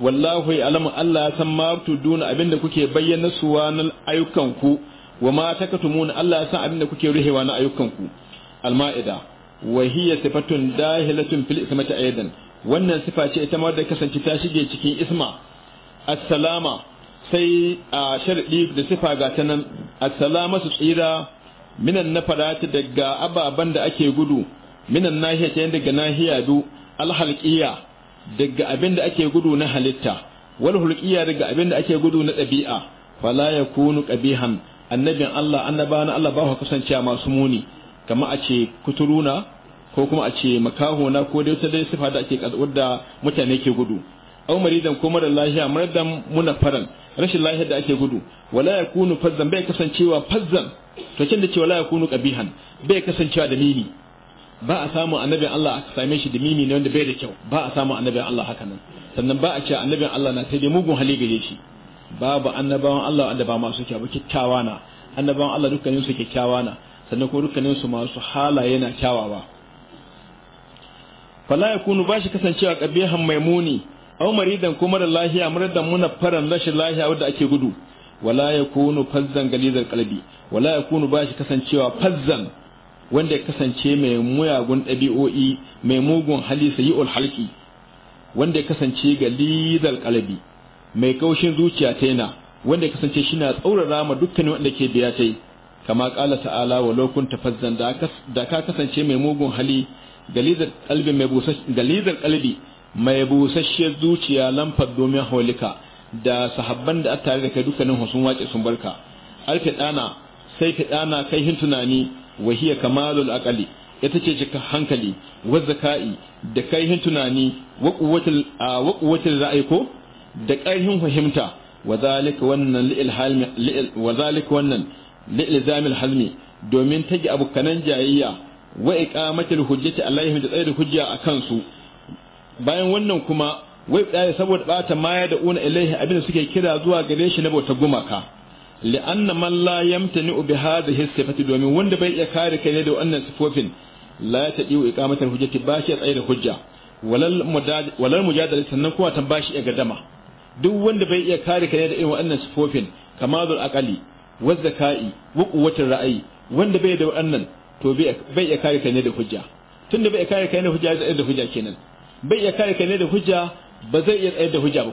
wallahu ya'lamu Allah ya san ma duna abin da kuke bayyana suwa na ayyukan ku wa ma takatumuna Allah ya san abin da kuke ruhewa na ayyukan ku al-ma'ida wa hiya sifatun dahilatun fil ismati aidan wannan sifa ce ita ma da kasance ta shige cikin isma as-salama sai a sharadi da sifa ga ta nan as-salama su tsira minan nafarati daga ababan da ake gudu minan nahiya kenan daga nahiya du alhalqiya daga abin da ake gudu na halitta wal hulqiya daga abin da ake gudu na ɗabi'a fala yakunu qabihan annabin Allah annabana Allah ba ku kasancewa masu muni kamar a ce kuturuna ko kuma a ce makahona ko dai wata dai sifa da ake kadwar da mutane ke gudu aw maridan ko mara lahiya maradan muna faran rashin lahiya da ake gudu wala yakunu fazzan bai kasancewa fazzan to kin da ce wala yakunu qabihan bai kasancewa dalili ba a samu annabin Allah a same shi da mimi ne wanda bai da kyau ba a samu annabin Allah haka nan sannan ba a ce annabin Allah na sai dai mugun hali gare shi babu annabawan Allah wanda ba masu kyau ba kyakkyawa na annabawan Allah dukkanin su kyakkyawa na sannan ko dukkanin su masu halaye na kyawawa fala yakunu ba shi kasancewa qabihan maimuni aw maridan ko mara lahiya muradan muna faran rashin lahiya wanda ake gudu wala yakunu fazzan galizal qalbi wala yakunu ba shi kasancewa fazzan wanda ya kasance mai muyagun ɗabi'o'i mai mugun hali sayi halki wanda ya kasance ga lidal kalabi mai kaushin zuciya ta yana wanda ya kasance shi na tsaurara ma dukkanin wanda ke biya ta kama ƙala ta'ala wa lokun tafazzan da ka kasance mai mugun hali ga lidal kalabi mai busasshiyar zuciya lamfar domin holika da sahabban da aka tare da kai dukkanin sun wace sun barka ɗana, sai ɗana. kai hin tunani wa hiya kamalul aqali ita ce cika hankali wa zaka'i da kaihin tunani wa quwwatul wa quwwatul ra'ayi ko da kaihin fahimta wa zalika wannan li'il halmi wa zalika wannan li'il zamil hazmi domin tage abukanan jayayya wa iqamatul hujjati alaihim da tsayar hujja akan su bayan wannan kuma wai saboda bata maya da una ilaihi abin da suke kira zuwa gare shi na bauta gumaka li'anna man la yamtani bi hadhihi sifati domin wanda bai iya kare kai da wannan sifofin la tadiu iqamatul hujjati ba shi tsaye da hujja walal mudad walal mujadala sannan kuma tan ba shi ya gadama duk wanda bai iya kare kai da irin wannan sifofin kamalul aqali wazzaka'i wa quwwatir ra'ayi wanda bai da wannan to bai iya kare kai da hujja tunda bai iya kare kai da hujja zai da hujja kenan bai iya kare kai da hujja ba zai hujja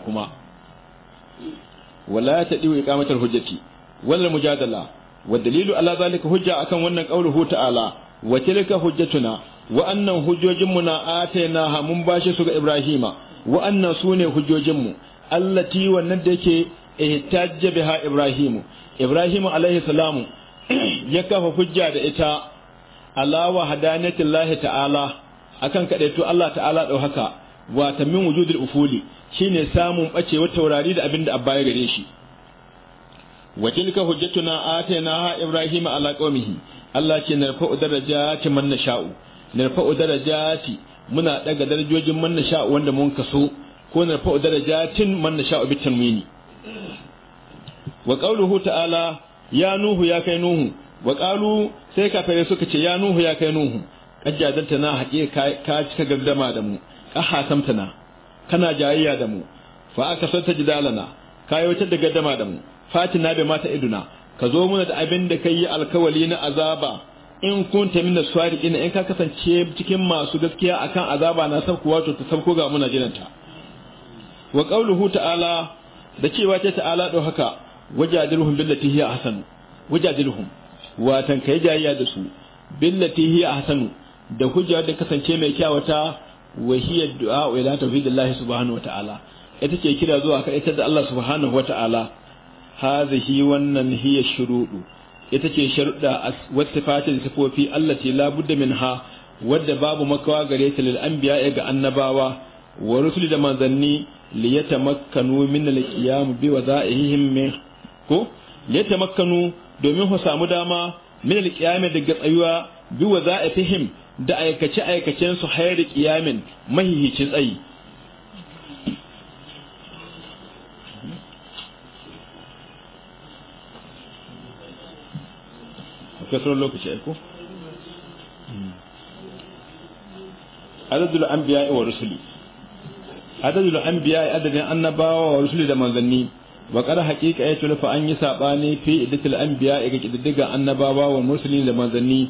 ba wannan mujadala wa dalilu ala zalika hujja akan wannan qauluhu ta'ala wa tilka hujjatuna wa annan hujjojin mu na atayna ha mun bashi su ga ibrahima wa annan sune hujjojin mu allati wannan da yake ihtajja biha ibrahimu ibrahimu alaihi salamu ya kafa hujja da ita ala wa hadaniyatillahi ta'ala akan kadaito Allah ta'ala dau haka wa tamin wujudul ufuli shine samun ɓacewar taurari da abinda abba ya gare shi wa tilka hujjatuna atainaha ibrahima ala qaumihi Allah ce narfa'u darajati man nasha'u narfa'u darajati muna daga darajojin man nasha'u wanda mun kaso ko narfa'u darajatin man nasha'u bi tanwini wa qawluhu ta'ala ya nuhu ya kai nuhu wa qalu sai kafirai suka ce ya nuhu ya kai nuhu kajjadanta na haƙiƙa ka cika gaddama da mu ka na kana jayayya da mu fa aka santa jidalana ka yi wata da gaddama da mu fatina bi mata iduna ka zo muna da abin da kai alkawali na azaba in kun kunta min ina in ka kasance cikin masu gaskiya akan azaba na sabku wato ta sabko ga muna jiranta wa qauluhu ta'ala da cewa ta ta'ala do haka wajadiruhum billati hiya ahsanu wajadilhum watan kai jayya da su billati hiya ahsanu da hujja da kasance mai kyawata wa hiya du'a ila tawhidillahi subhanahu wa ta'ala ita ce kira zuwa ka ita da Allah subhanahu wa ta'ala hazihi wannan hiya shurudu ita ce sharuda wasifatin sifofi allati la budda minha wadda babu makawa gare ta lil anbiya ga annabawa wa rusuli da manzanni li yatamakkanu min al qiyam bi wada'ihim min ko li yatamakkanu domin su samu dama min al qiyam daga tsayuwa bi wada'ihim da aikace aikacen su hayar qiyamin mahihicin tsayi akwai sauran lokaci aiko adadul anbiya wa rusuli adadul anbiya adadin annabawa wa rusuli da manzanni wa qad haqiqa ya tulafa an yi sabani fi iddatul anbiya ga kididdiga annabawa wa muslimin da manzanni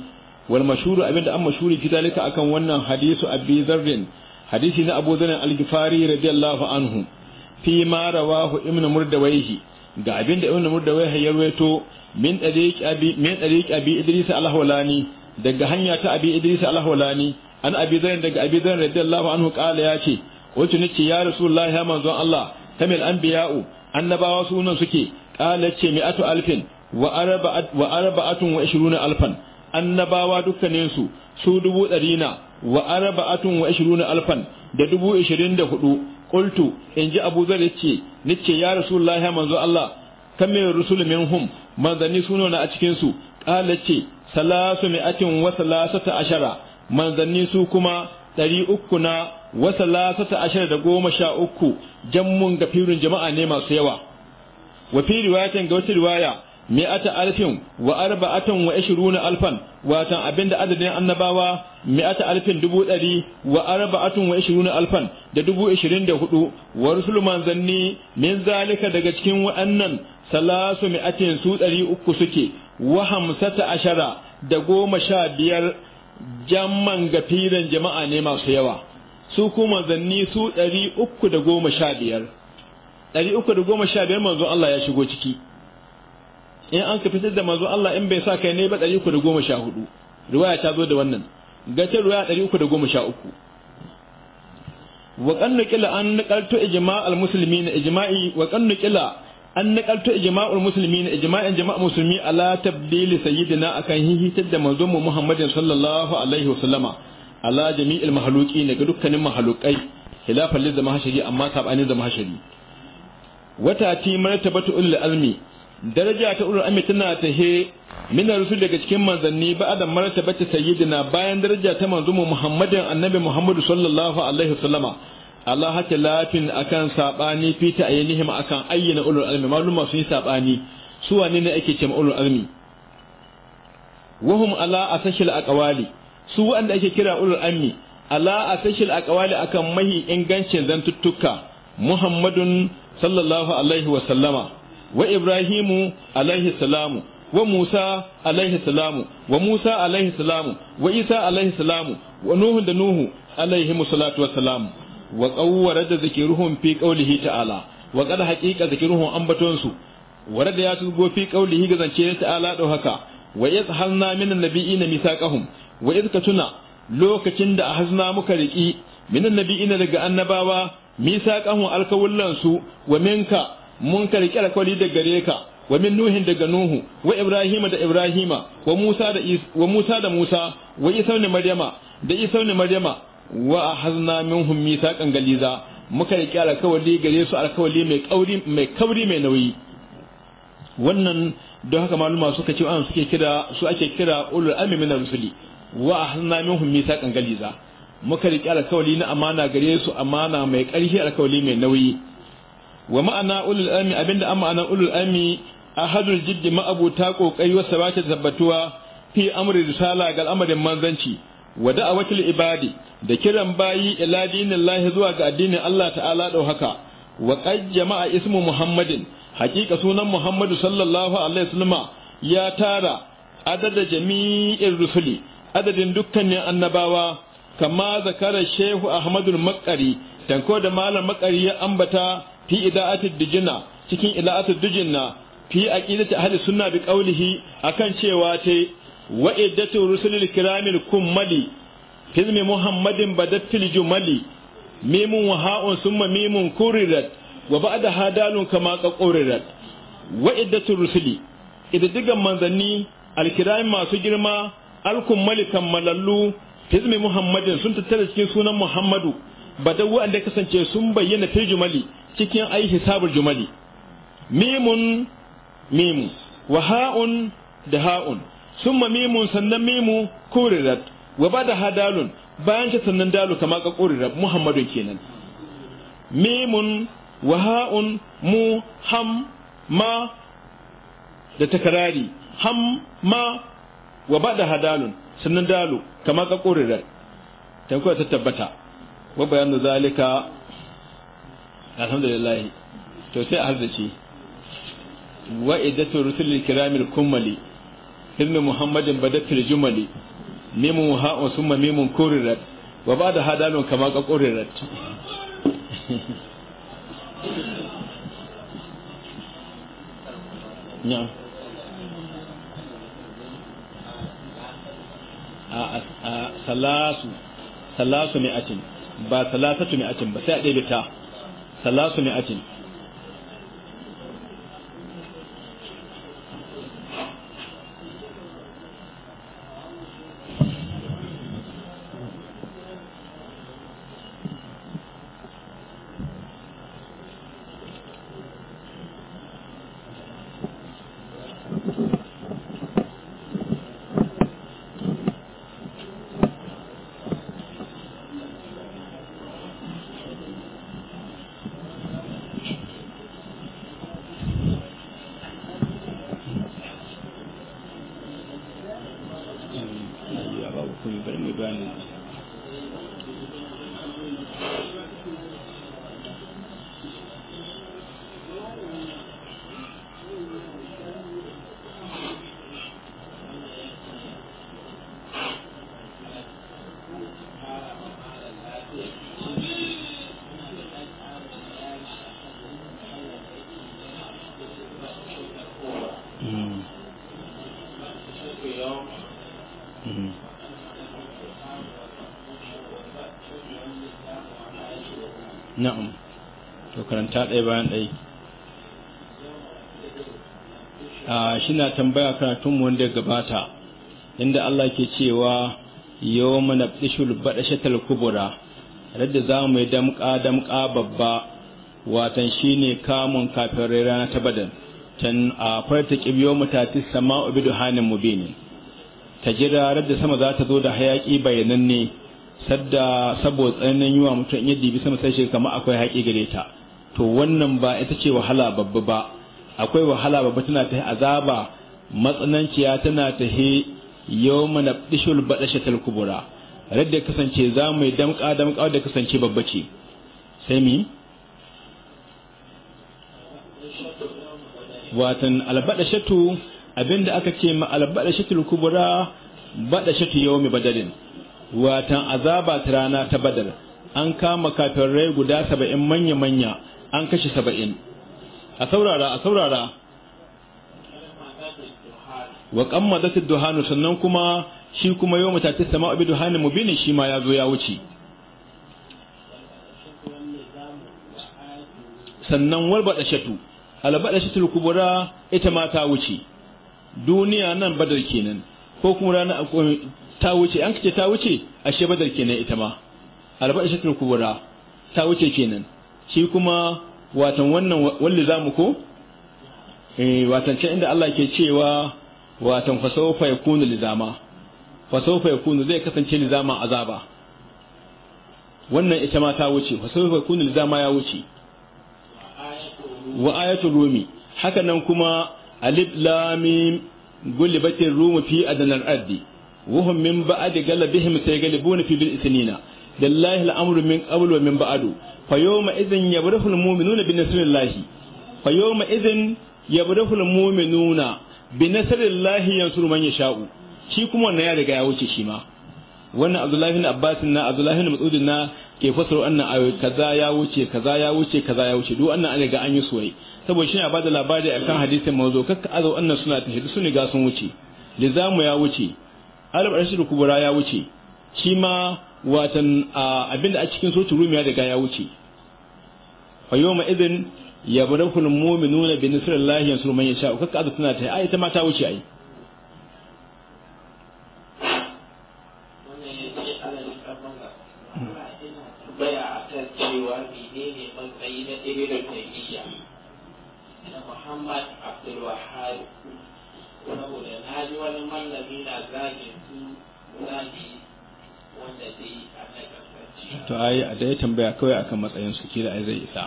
wal mashhur abinda an mashhuri kitalika akan wannan hadisu abi zarrin hadisi na abu zarrin al-ghifari radiyallahu anhu fi ma rawahu ibnu murdawayhi ga abinda ibnu murdawayhi ya rawaito min tariq abi min tariq idris al daga hanya ta abi idris al-hawlani an abi zain daga abi zain radiyallahu anhu kala ya ce wace nace ya rasulullahi ya manzon Allah kamil anbiya'u annabawa sunan suke kala ce mi'atu alfin wa arba'at wa arba'atun wa alfan annabawa dukkanin su dubu ɗari na wa arba'atun wa ishruna alfan da dubu ishirin da hudu qultu in ji abu zar yace ya Allah kamil manzanni suna na a cikin su qala ce salasu mi'atin wa salasata ashara manzanni su kuma ɗari uku na wa salasata ashara da goma sha uku jammun gafirun jama'a ne masu yawa wa fi riwayatin ga wata riwaya ata alfin wa atan wa ishiruna alfan watan abinda adadin annabawa ata alfin dubu ɗari wa atan wa ishiruna alfan da dubu ishirin da hudu wa rusul manzanni min zalika daga cikin wa'annan salasu mi'atin su ɗari uku suke wa hamsata ashara da goma sha biyar jamman ga filin jama'a ne masu yawa su kuma zanni su ɗari uku da goma sha biyar ɗari uku da goma sha biyar manzon Allah ya shigo ciki in an ka fitar da manzon Allah in bai sa kai ne ba ɗari uku da goma sha hudu riwaya ta zo da wannan gata riwaya ɗari uku da goma sha uku wa kanna kila an nakalto ijma al muslimin ijma'i wa kanna kila an nakalto ijma'ul muslimin ijma'in jama'a musulmi ala tabdil sayyidina akan hihitar da manzon mu Muhammadin sallallahu alaihi wasallama ala jami'il mahaluki ne ga dukkanin mahalukai khilafan lil zamahashari amma sabanin zamahashari wata ti martabatu ulul almi daraja ta ulul almi tana ta he min rusul daga cikin manzanni ba da martabatu sayyidina bayan daraja ta manzon mu Muhammadin annabi Muhammadu sallallahu alaihi wasallama Allah haka lafin akan sabani fi ta'yinihim akan ayyana ulul almi maluma sun yi sabani su wane ne ake cewa ulul almi. wahum ala asashil aqwali su wanda ake kira ulul almi ala asashil aqwali akan mahi ingancin zantuttuka Muhammadun sallallahu alaihi wa sallama wa Ibrahimu alaihi salamu wa Musa alaihi salamu wa Musa alaihi salamu wa Isa alaihi salamu wa Nuhu da Nuhu alaihi salatu wa salamu wa qawwara da zikiruhum fi qawlihi ta'ala wa qad haqiqa zikiruhum ambaton su warada ya tugo fi qawlihi ga zance ta'ala do haka wa yazhalna minan nabiyina mithaqahum wa idh katuna lokacin da ahzna muka riki minan nabiyina daga annabawa mithaqahum alkawullan su wa minka mun ka riki alkawli daga gare ka wa min nuhin daga nuhu wa ibrahima da ibrahima wa musa da wa musa da musa wa isa ne maryama da isa ne maryama wa ahazna minhum mithaqan galiza muka riƙe alƙawari gare su alƙawari mai kauri mai kauri mai nauyi wannan don haka maluma suka ce an suke kira su ake kira ulul amri min rusuli wa ahazna minhum mithaqan galiza muka riƙe alƙawari na amana gare su amana mai ƙarfi alƙawari mai nauyi wa ma'ana ulul amri abinda an ma'ana ulul amri ahadul jiddi abuta kokari wa sabata tabbatuwa fi amri risala ga al'amarin manzanci wa da'awatul ibadi da kiran bayi ila dinillahi zuwa ga addinin Allah ta'ala dau haka wa qad jama'a ismu muhammadin haqiqa sunan muhammadu sallallahu alaihi wasallama ya tara adada jami'ir rusuli adadin dukkanin annabawa kama zakara shehu Ahmadu makari tanko da malam makari ya ambata fi ida'atid dijina cikin ila'atul dijina fi aqidati ahli sunna bi qawlihi akan cewa ta wa iddatu rusulil kiramil kummali hizmi muhammadin badattil jumali mimun wa ha'un summa mimun kurirat wa ba'da hadalun kama qaqurirat wa iddatu rusuli iddigan manzanni alkirami masu girma alkummali kammalallu hizmi muhammadin sun tattara cikin sunan muhammadu badawu wanda kasance sun bayyana fil jumali cikin ai hisabul jumali mimun mimu wa ha'un da ha'un summa mimun sannan mimu kurirat wa ba bada hadalun bayan ta sannan dalu kama ka kurirat muhammadu kenan mimun wa ha'un mu ham ma da takarari ham ma wa bada hadalun sannan dalu kama ka kurirat ta kuwa ta tabbata wa bayanu zalika alhamdulillah to sai a harzace wa idatu rusulil kiramil kummali ابن محمد بدت الجمل ميم هاء ثم ميم كررت وبعد هذا كما قررت نعم salasu salasu mi'atin ba salasatu mi'atin ba sai a ɗebe ta salasu mi'atin karanta ɗaya bayan ɗaya a na tambaya karatun wanda gabata inda Allah ke cewa yau mana fishul baɗashatar kubura radda za mu yi damƙa damƙa babba watan shine kamun kafin rana ta badan can a farta kibiyo mutati sama mu hanin mubini ta jira radda sama za ta zo da hayaki ne sadda saboda tsananin yiwa mutum yadda ya sama sai shi kama akwai haƙi gare ta to wannan ba ita ce wahala babba ba akwai wahala babba tana ta azaba matsananciya tana ta he yawma nabdishul badashatul kubura radda kasance za mu yi damƙa damƙa da kasance babba ce sai mi watan albadashatu abinda aka ce ma albadashatul kubura badashatu yawmi badarin watan azaba ta rana ta badar an kama kafin rai guda saba'in manya-manya an kashe saba'in a saurara a saurara wa da duhanu sannan kuma shi kuma yau mutatis sama bi duhanin mubinin shi ma ya zo ya wuce sannan da shatu da shatu kubura ita ma ta wuce duniya nan badar kenan ko kuma rana ta wuce an kace ta wuce ashe badar kenan ita ma da shatu kubura ta wuce kenan shi kuma watan wannan za mu ko eh watan can inda Allah ke cewa watan fasawfa yakunu lizama fasawfa yakunu zai kasance lizama azaba wannan ita ma ta wuce fasawfa yakunu lizama ya wuce wa ayatul rumi haka nan kuma alif lam mim gulibatir rumu fi adnal ardi وهم من بعد غلبهم سيغلبون في بالإثنين لله min من wa min ba'du fa yawma idhin yabrahul mu'minuna bi nasrillahi fa yawma idhin yabrahul mu'minuna bi nasrillahi yansuru man yasha'u shi kuma wannan ya riga ya wuce shi ma wannan Abdullahi bin Abbas na Abdullahi bin Mas'ud na ke fasaro wannan ayo kaza ya wuce kaza ya wuce kaza ya wuce duk wannan an riga an yi soyayya saboda shi na bada labari akan hadisin manzo kakka azo wannan suna tafi sun riga sun wuce lizamu ya wuce al-bashir kubura ya wuce shi ma watan abinda a cikin sotu rumiya daga ya wuce fa yawma idin yabrahu almu'minuna bi nisrillahi yansuru man yasha kaka azu tana ta ai ta ma ta wuce ai Muhammad Abdul saboda na ji wani to ai a da tambaya kawai akan matsayin su da ai zai isa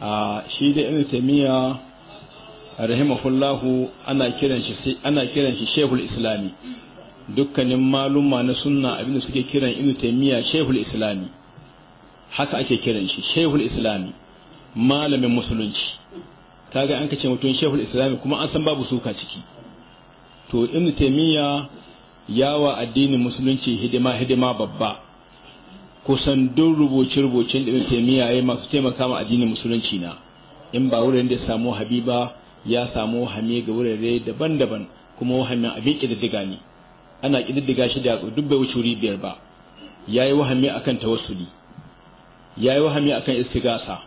a shi da ibn taymiya rahimahullahu ana kiran shi ana kiran shi shehul islami dukkanin maluma na sunna abinda suke kiran ibn taymiya shehul islami haka ake kiran shi shehul islami malamin musulunci kaga an kace mutum shehul islami kuma an san babu suka ciki to ibn taymiya yawa addinin musulunci hidima hidima babba kusan duk rubuce-rubucen ibn taymiya yayi masu taimaka ma addinin musulunci na in ba wurin da samu habiba ya samu wahame ga wurare daban-daban kuma wahamin abin kididdiga ne ana kididdiga shi da duk bai wuce wuri biyar ba yayi wahame akan tawassuli yayi wahame akan istigasa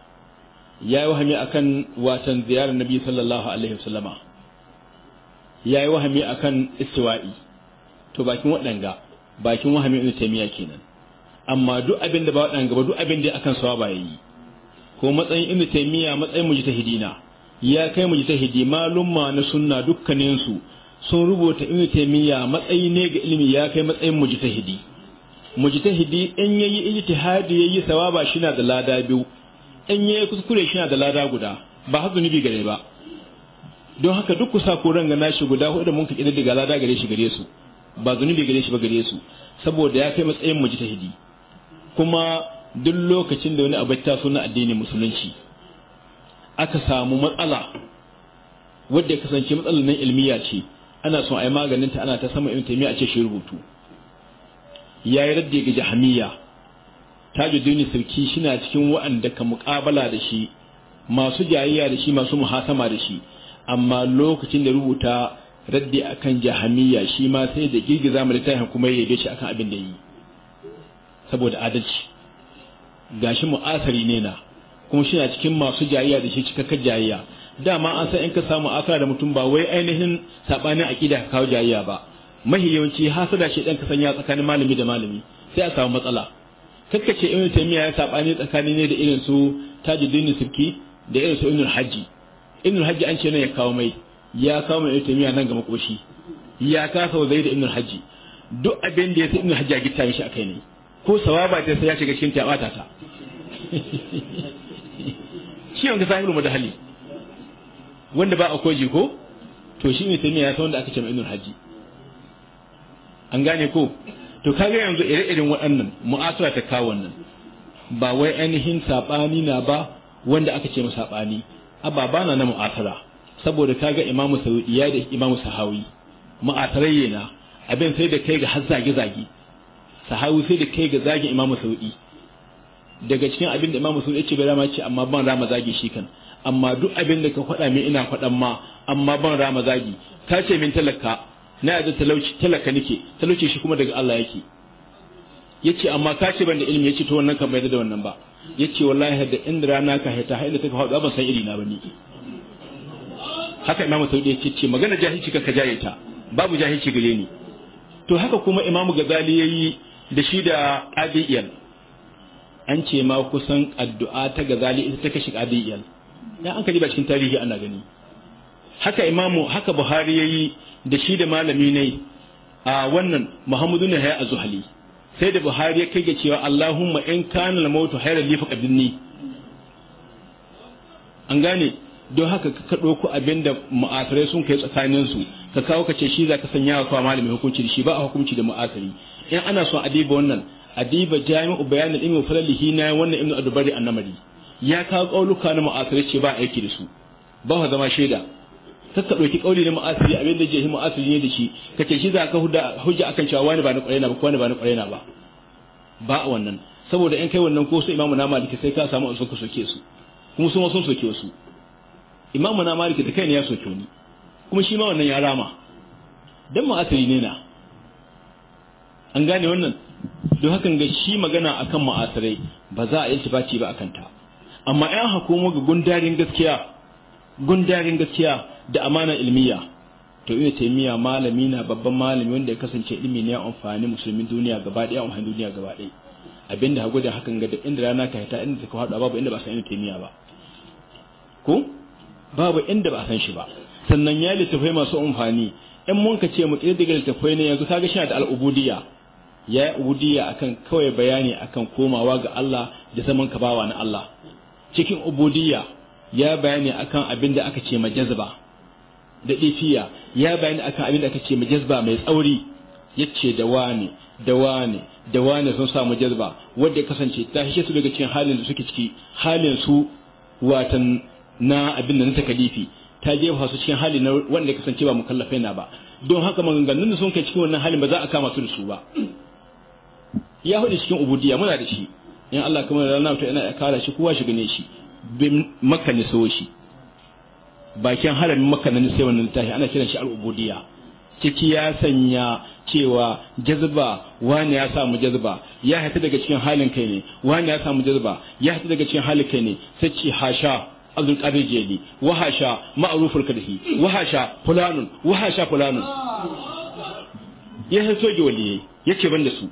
yayi wahame akan watan ziyarar nabi sallallahu alaihi wasallama yayi wahame akan istiwa'i to bakin waɗanga bakin wahamin ibn taymiya kenan amma duk abin da ba waɗanga ba duk abin da akan sawa ba yi ko matsayin ibn taymiya matsayin mujtahidina ya kai mujtahidi malumma na sunna dukkanin su sun rubuta ibn taymiya matsayi ne ga ilimi ya kai matsayin mujtahidi mujtahidi in yayi ijtihadi yayi sawaba shi na da lada biyu in yayi kuskure shi na da lada guda ba ni zunubi gare ba don haka duk kusa ko ranga nashi guda hudu mun ka kididdiga lada gare shi gare su ba zunubi gare shi ba gare su saboda ya kai matsayin mu ji tahidi kuma duk lokacin da wani abu ta so na addinin musulunci aka samu matsala wadda ya kasance matsalar nan ilmiya ce ana son a yi maganin ta ana ta sama ibn taymiya a ce shi rubutu ya yi radde ga jahamiya duni sirki shina cikin wa'anda ka muƙabala da shi masu jayayya da shi masu muhasama da shi amma lokacin da rubuta raddi akan jahamiya shi ma sai da girgiza mu littafin kuma ya yabe shi akan abin da yi saboda adalci gashi mu'asari ne na kuma shi na cikin masu jayayya da shi cikakken jayayya dama an san in ka samu asara da mutum ba wai ainihin sabanin akida ka kawo jayayya ba mahi yawanci hasada shi dan ka sanya tsakanin malami da malami sai a samu matsala kakkace ibnu taymiya ya sabani tsakani ne da irin su tajuddin da irin su ibnu hajji ibnu hajji an ce ne ya kawo mai ya kama ibn miya nan ga makoshi ya kasa zai da inul hajji duk abin da ya sai inul hajji ya gitta shi akai ne ko sawaba ta sai ya shiga cikin tabata ta shi wanda sai da hali wanda ba akwai jiko to shi ne taymiya ya san wanda aka ce inul hajji an gane ko to kaga yanzu ire-iren waɗannan mu'asara ta kawo wannan ba wai ainihin sabani na ba wanda aka ce mu sabani ababa na na mu'asara saboda ka ga imamu sauki ya da imamu sahawi ma'atarayye na abin sai da kai ga har zage-zage sahawi sai da kai ga zage imamu sauki daga cikin abin da imamu sauki ya ce bai rama ce amma ban rama zage shi kan amma duk abin da ka faɗa min ina faɗan ma amma ban rama zage, ta ce min talaka na yadda talauci talaka nake talauci shi kuma daga Allah yake yace amma ka ce ban da ilimi yace to wannan kan bai da wannan ba yace wallahi da inda rana ka haita haita ta ka faɗa ban san iri na ba ni haka imamu saudi ya ce magana jahilci kanka jaye ta babu jahilci gare ni to haka kuma imamu gazali ya yi da shi da Abiyal an ce ma kusan addu'a ta gazali ita ta kashe Abiyal dan an kalli ba cikin tarihi ana gani haka imamu haka buhari ya yi da shi da malami ne a wannan muhammadu ne haya azuhali sai da buhari ya kai ga cewa allahumma in kana al-mautu hayra li faqadni an gane don haka ka ɗauko abin da mu'asirai sun kai tsakaninsu ka kawo ka ce shi za ka sanya wa malamin hukunci da shi ba a hukunci da mu'asirai. in ana son adiba wannan adiba jami'u bayanin ilmi falalihi na wannan ibnu adubari annamari ya kawo kauluka na mu'asirai ce ba aiki da su ba ka zama shaida Ka ɗauki kauli na mu'asirai abin da je shi mu'asiri ne da shi ka ce shi za ka hujja akan cewa wani ba na ƙwarena ba wani ba na ƙwarena ba ba a wannan saboda in kai wannan ko su imamu na maliki sai ka samu a suka soke su kuma su ma sun soke wasu imamu na maliki da kai ne ya soke ni kuma shi ma wannan ya rama dan mu yi ne na an gane wannan don hakan ga shi magana akan ma'asirai ba za a yi tibaci ba akan ta amma ɗan hakomo ga gundarin gaskiya gundarin gaskiya da amana ilmiya to iya taimiya malami na babban malami wanda ya kasance ilimi ne ya amfani musulmin duniya gaba ɗaya amfani duniya gaba ɗaya abinda hagu da hakan ga da inda rana ka hita inda ta kawo babu inda ba san inda taimiya ba ko babu inda ba a san shi ba sannan ya littafai masu amfani in mun ka ce mu daga littafai ne yanzu kaga shi da al'ubudiyya ya yi ubudiyya akan kawai bayani akan komawa ga Allah da zaman ka bawa na Allah cikin ubudiyya ya bayani akan abin da aka ce majazba da ifiya ya bayani akan abin da aka ce majazba mai tsauri yace da wani da wani da wani sun samu jazba wanda ya kasance ta hishe su daga cikin halin da suke ciki halin su watan na abin da na takalifi ta jefa su cikin hali na wanda ya kasance ba mukallafai na ba don haka maganganun da sun kai cikin wannan halin ba za a kama su da su ba ya hudu cikin ubudiya muna da shi in Allah kuma da rana to ya kara shi kowa shi gane shi bin makka ne so shi bakin haramin makka ne sai wannan tashi ana kiran shi al ubudiya ciki ya sanya cewa jazba wani ya samu jazba ya haifi daga cikin halin kai ne wani ya samu jazba ya haifi daga cikin halin kai ne sai ce hasha abdul jeli wahasha ma'ruful kadhi wahasha fulanun wahasha fulanun ya san soge waliye yace ban da su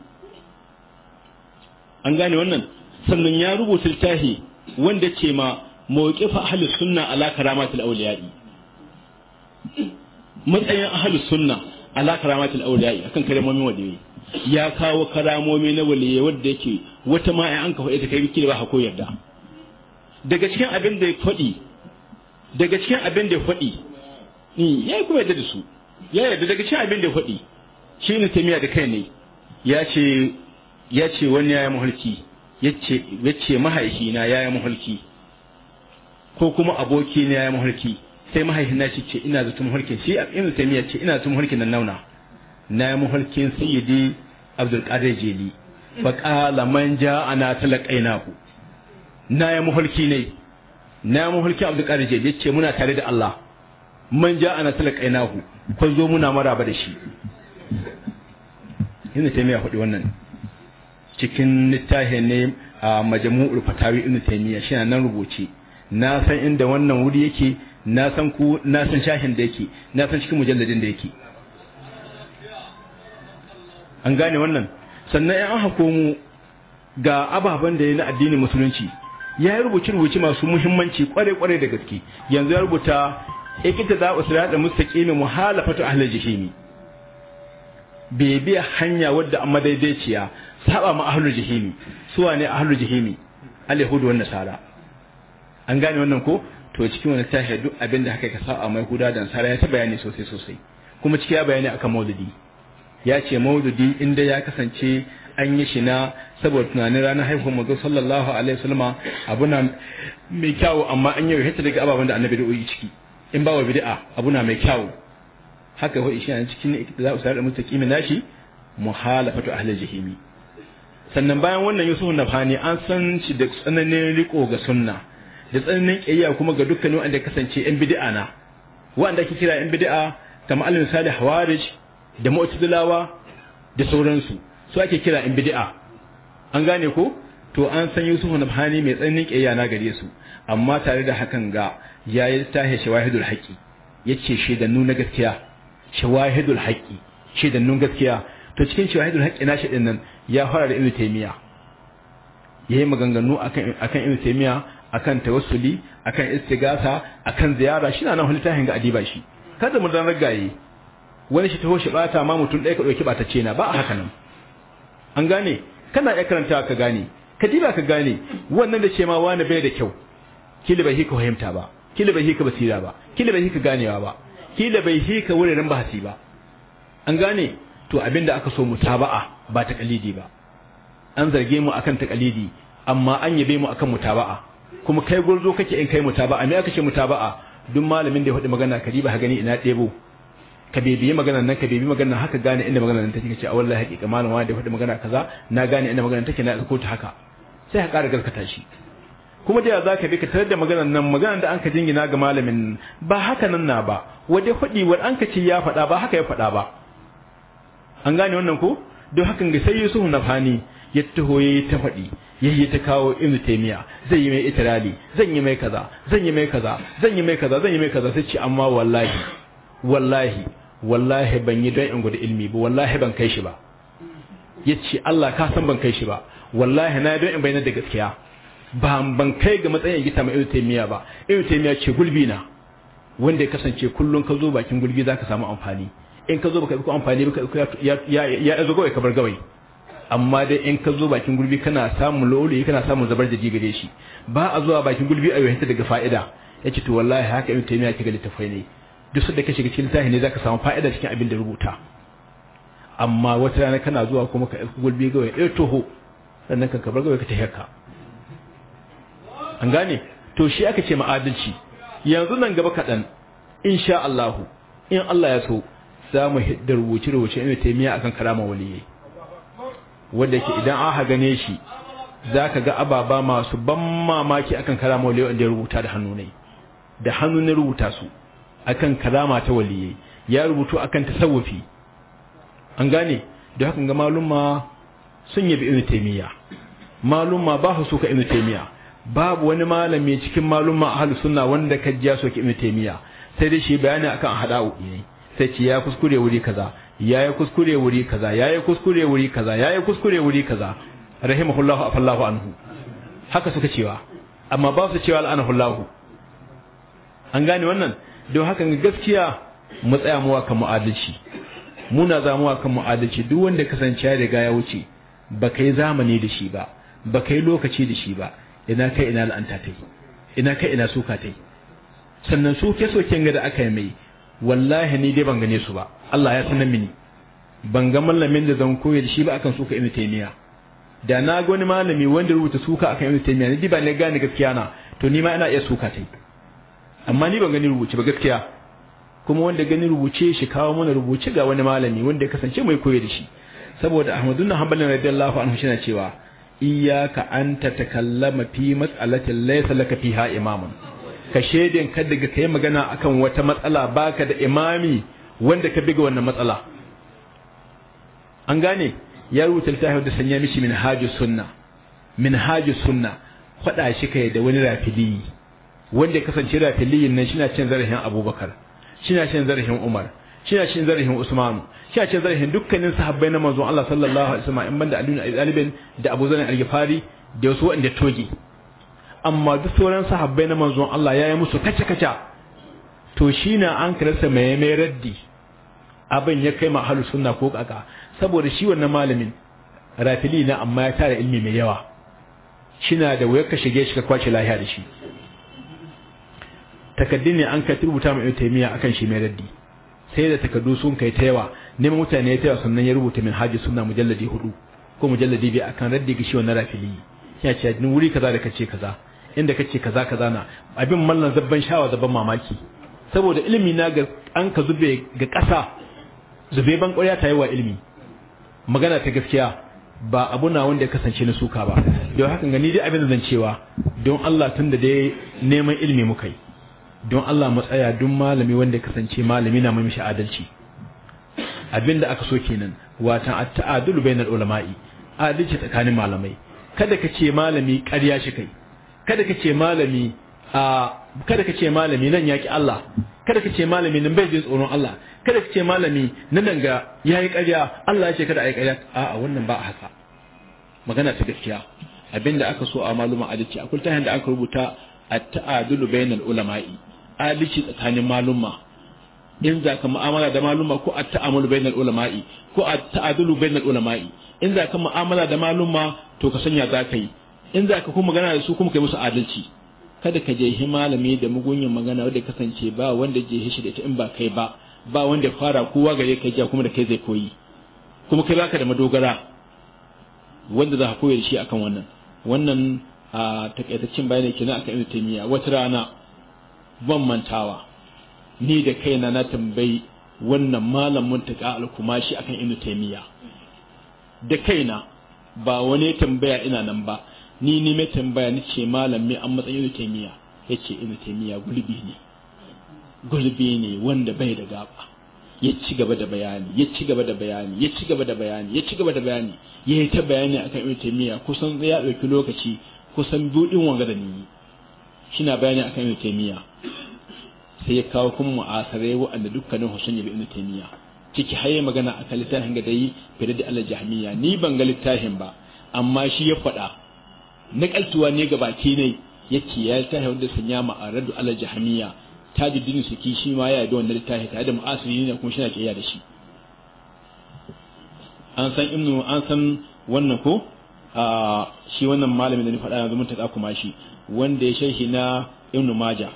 an gane wannan sannan ya rubuta littafi wanda ce ma mawqifa ahli sunna ala karamatil awliya'i matsayin ahli sunna ala karamatil awliya'i akan karamomin waliyi ya kawo karamomi na waliye wanda yake wata ma ai an ka faɗi ta kai biki ba ha ko yarda daga cikin abin da ya faɗi daga cikin abin da ya faɗi ni yayi kuma yadda da su ya yadda daga cikin abin da ya faɗi shi ne taimiya da kai ne ya ce ya ce wani ya yi mahulki ya ce na ya yi mahulki ko kuma aboki ne ya yi mahulki sai mahaifina shi ce ina zata mahulkin shi ibn taimiya ce ina zata mahulkin nan nauna na yi mahulkin sayyidi abdul qadir jeli fa qala man ja'ana talaqainahu na ya muhulki ne na ya muhulki abdul qadir ya ce muna tare da Allah man ja ana talaqainahu fa zo muna maraba da shi yana taimiya hudu wannan cikin littafin ne a majmu'ul fatawi ibn taymiya shi nan rubuce na san inda wannan wuri yake na san ku na san shahin da yake na san cikin mujalladin da yake an gane wannan sannan an hako mu ga ababen da ya na addinin musulunci ya yi rubuce-rubuce masu muhimmanci kware-kware da gaske yanzu ya rubuta ikita da usra da mustaqimi muhalafatu ahli jahimi bai biya hanya wadda amma daidaiciya saba ma ahli jahimi suwa ne a jahimi al-yahudu wan nasara an gane wannan ko to cikin wani tashi duk abin da haka ka saba mai huda da nasara ya ta bayani sosai sosai kuma ciki ya bayani akan maududi ya ce maududi inda ya kasance an yi shi na saboda tunanin ranar haihuwar mazo sallallahu alaihi wasallam abu na mai kyawu amma an yi rahita daga ababen da annabi da oyi ciki in ba wa bid'a abu na mai kyawu haka wa ishi an cikin za a sarar kimin nashi muhalafatu ahli jahimi sannan bayan wannan yusuf nafani an san shi da tsananin riko ga sunna da tsananin kiyaya kuma ga dukkanin wanda kasance yan bid'a na wanda ake kira yan bid'a kamar al-misali hawarij da mu'tazilawa da sauransu su ake kira in bid'a an gane ko to an san Yusuf bahani mai tsananin kiyaya na gare su amma tare da hakan ga yayin tahe shawahidul haqi yace shaidannu na gaskiya shawahidul haqi shaidannun gaskiya to cikin shawahidul haqi na shaidan nan ya fara da Ibn Taymiyyah yayi maganganu akan akan Ibn akan tawassuli akan istigasa akan ziyara shi na nan wani tahin ga adiba shi kada mu dan ragaye wani shi taho shi bata ma mutum ɗaya ka bata ce na ba a haka nan an gane kana ya karanta ka gane ka diba ka gane wannan da ce ma wani bai da kyau kila bai hika fahimta ba kila bai hika basira ba kila bai hika ganewa ba kila bai hika wuraren bahasi ba an gane to abinda aka so mu mutaba'a ba ta kalidi ba an zarge mu akan ta kalidi amma an yabe mu akan mutaba'a kuma kai gurzo kake in kai mutaba'a me aka ce mutaba'a duk malamin da ya faɗi magana ka diba ka gani ina ɗebo ka bebi magana nan ka bebi magana haka gane inda magana nan take ce a wallahi hakika malam wani da faɗi magana kaza na gane inda magana take na ko ta haka sai ka ƙara gaskata shi kuma da za ka bi ka tarar da magana nan magana da an ka jingina ga malamin ba haka nan na ba waje faɗi wa an ka ce ya faɗa ba haka ya faɗa ba an gane wannan ko don hakan ga sai Yusuf Nafani ya taho yayi ta faɗi yayi ta kawo Ibn Taymiyyah zai yi mai itirali zan yi mai kaza zan yi mai kaza zan yi mai kaza zan yi mai kaza sai ce amma wallahi wallahi wallahi ban yi don in gudu ilmi ba wallahi ban kai shi ba ya ce Allah ka san ban kai shi ba wallahi na don in bayyana da gaskiya ba ban kai ga matsayin gita mai ibnu taymiya ba ibnu taymiya ce gulbi na wanda ya kasance kullum ka zo bakin gulbi zaka samu amfani in ka zo baka iko amfani baka iko ya ya zo ka bar gawai amma dai in ka zo bakin gulbi kana samun lolo kana samun zabar da jigare shi ba a zuwa bakin gulbi a yohinta daga fa'ida yace to wallahi haka ibnu taymiya ke ga littafai ne duk da ka shiga cikin tahi ne zaka samu fa'ida cikin abin da rubuta amma wata rana kana zuwa kuma ka ɗauki gulbi gawai ɗaya eh, toho sannan ka kabar gawai ka ta haka an gane to shi aka ce ma'adalci yanzu nan gaba kaɗan insha Allahu in Allah ya so za mu hidda rubuce rubuce in miya akan karama waliyai wanda ke idan aka gane shi za ka ga ababa masu ban mamaki akan karama waliyai wanda ya rubuta da hannu ne da hannu ne rubuta su akan kalama ta waliyai ya rubutu akan tasawufi an gane da hakan ga malumma sun yabi ibn taymiya malumma ba su suka ibn taymiya babu wani malami cikin malumma ahlus sunna wanda ka jiya soki ibn taymiya sai dai shi bayani akan hada'u ne sai ce ya kuskure wuri kaza ya yi kuskure wuri kaza ya yi kuskure wuri kaza ya yi kuskure wuri kaza rahimahullahu afallahu anhu haka suka cewa amma ba su cewa la'anahullahu an gane wannan don hakan gaskiya mu tsaya muwa kan mu'adalci muna muwa kan mu'adalci duk wanda kasance ya riga ya wuce ba kai zamani da shi ba ba kai lokaci da shi ba ina kai ina la'anta tai ina kai ina suka tai sannan soke soken ga da aka yi mai wallahi ni dai ban gane su ba Allah ya sanar mini ban ga mallamin da zan koyi da shi ba akan suka ibnu taymiya da na ga wani malami wanda rubuta suka akan ibnu taymiya ni ba ne gane gaskiya na to ni ma ina iya suka tai amma ni ban gani rubuce ba gaskiya kuma wanda gani rubuce shi kawo mana rubuce ga wani malami wanda ya kasance mai koyi da shi saboda Ahmadu ahmadun hanbal radiyallahu anhu shi na cewa iyyaka an tatakallama fi mas'alatin laysa laka fiha imamun ka shedin ka daga kai magana akan wata matsala baka da imami wanda ka biga wannan matsala an gane ya rubuta littafin da sanya mishi min hajus sunna min hajus sunna faɗa shi kai da wani rafidi wanda ya kasance filiyin nan shi na cin zarafin abubakar shi na cin zarafin umar shi na cin zarafin usmanu shi na cin zarafin dukkanin sahabbai na manzon Allah sallallahu alaihi wasallam in banda aliyu alibin da abu zanin algifari da wasu wanda toge amma duk sauran sahabbai na manzon Allah ya yi musu kace kace to shi na an karasa mai mai raddi abin ya kai mahalu sunna ko kaka saboda shi wannan malamin rafili na amma ya tara ilmi mai yawa shina da wayar ka shige shi ka kwace lahiya da shi takaddi ne an ka rubuta mai taimiyya akan shi mai raddi sai da takaddu sun kai taiwa neman mutane ya taiwa sannan ya rubuta min hajji suna mujalladi hudu ko mujalladi biyu akan raddi ga shi wannan rafili ya ce ni wuri kaza da kace kaza inda kace kaza kaza na abin mallan zabban shawa zabban mamaki saboda ilimi na ga an ka zube ga ƙasa zube ban ƙwarya ta yi wa ilimi magana ta gaskiya ba abu na wanda ya kasance na suka ba don hakan gani dai abin da zan cewa don Allah tun da dai neman ilimi muka yi don Allah matsaya duk malami wanda kasance malami na mai adalci abinda aka so kenan wata at-ta'adul bainal ulama'i adalci tsakanin malamai kada ka ce malami ƙarya shi kai kada ka ce malami a kada ka ce malami nan yaki Allah kada ka ce malami nan bai jin tsoron Allah kada ka ce malami nan ga yayi ƙarya Allah ya ce kada ayi ƙarya a'a wannan ba a haka magana ta gaskiya abinda aka so a malumin adalci akwai ta yanda aka rubuta at-ta'adul bainal ulama'i adalci tsakanin malumma in za ka mu'amala da malumma ko at ta'amulu bainal ulama'i ko at ta'adulu bainal ulama'i in za ka mu'amala da malumma to ka sanya za ka yi in za ka kuma magana da su kuma kai musu adalci kada ka jehi malami da mugunyin magana wanda kasance ba wanda je shi da ita in ba kai ba ba wanda fara kowa gare kai ja kuma da kai zai koyi kuma kai baka da madogara wanda za ka koyar shi akan wannan wannan a takaitaccen bayani kenan akan ibnu taymiya wata rana ban mantawa ni da kaina na tambayi wannan malamin tuka alkumashi akan inu taimiya da kaina ba wani tambaya ina nan ba ni ni mai tambaya ni ce malam malami an matsayin taimiya ya ce inu taimiya gulbi ne gulbi ne wanda bai da gaba ya ci gaba da bayani ya ci gaba da bayani ya ci gaba da bayani ya ci gaba da bayani ya yi ta bayani akan inu taimiya kusan ya ɗauki lokaci kusan ɗin wanga da ni shina bayani akan ibn taymiya sai ya kawo kuma mu'asarai wa'anda dukkanin husun yabi ibn taymiya ciki har magana akan littafin ga dai fida da al jahmiya ni ban ga littafin ba amma shi ya faɗa kaltuwa ne ga baki ne yake ya littafi wanda sanya ma'aradu al jahmiya tajuddin suki shi ma ya yi wannan littafi tare da mu'asiri ne kuma shi na kiyaye da shi an san ibnu an san wannan ko a ah, shi wannan malamin da ni faɗa yanzu mun ta kuma shi wanda ya sharhi na ibn majah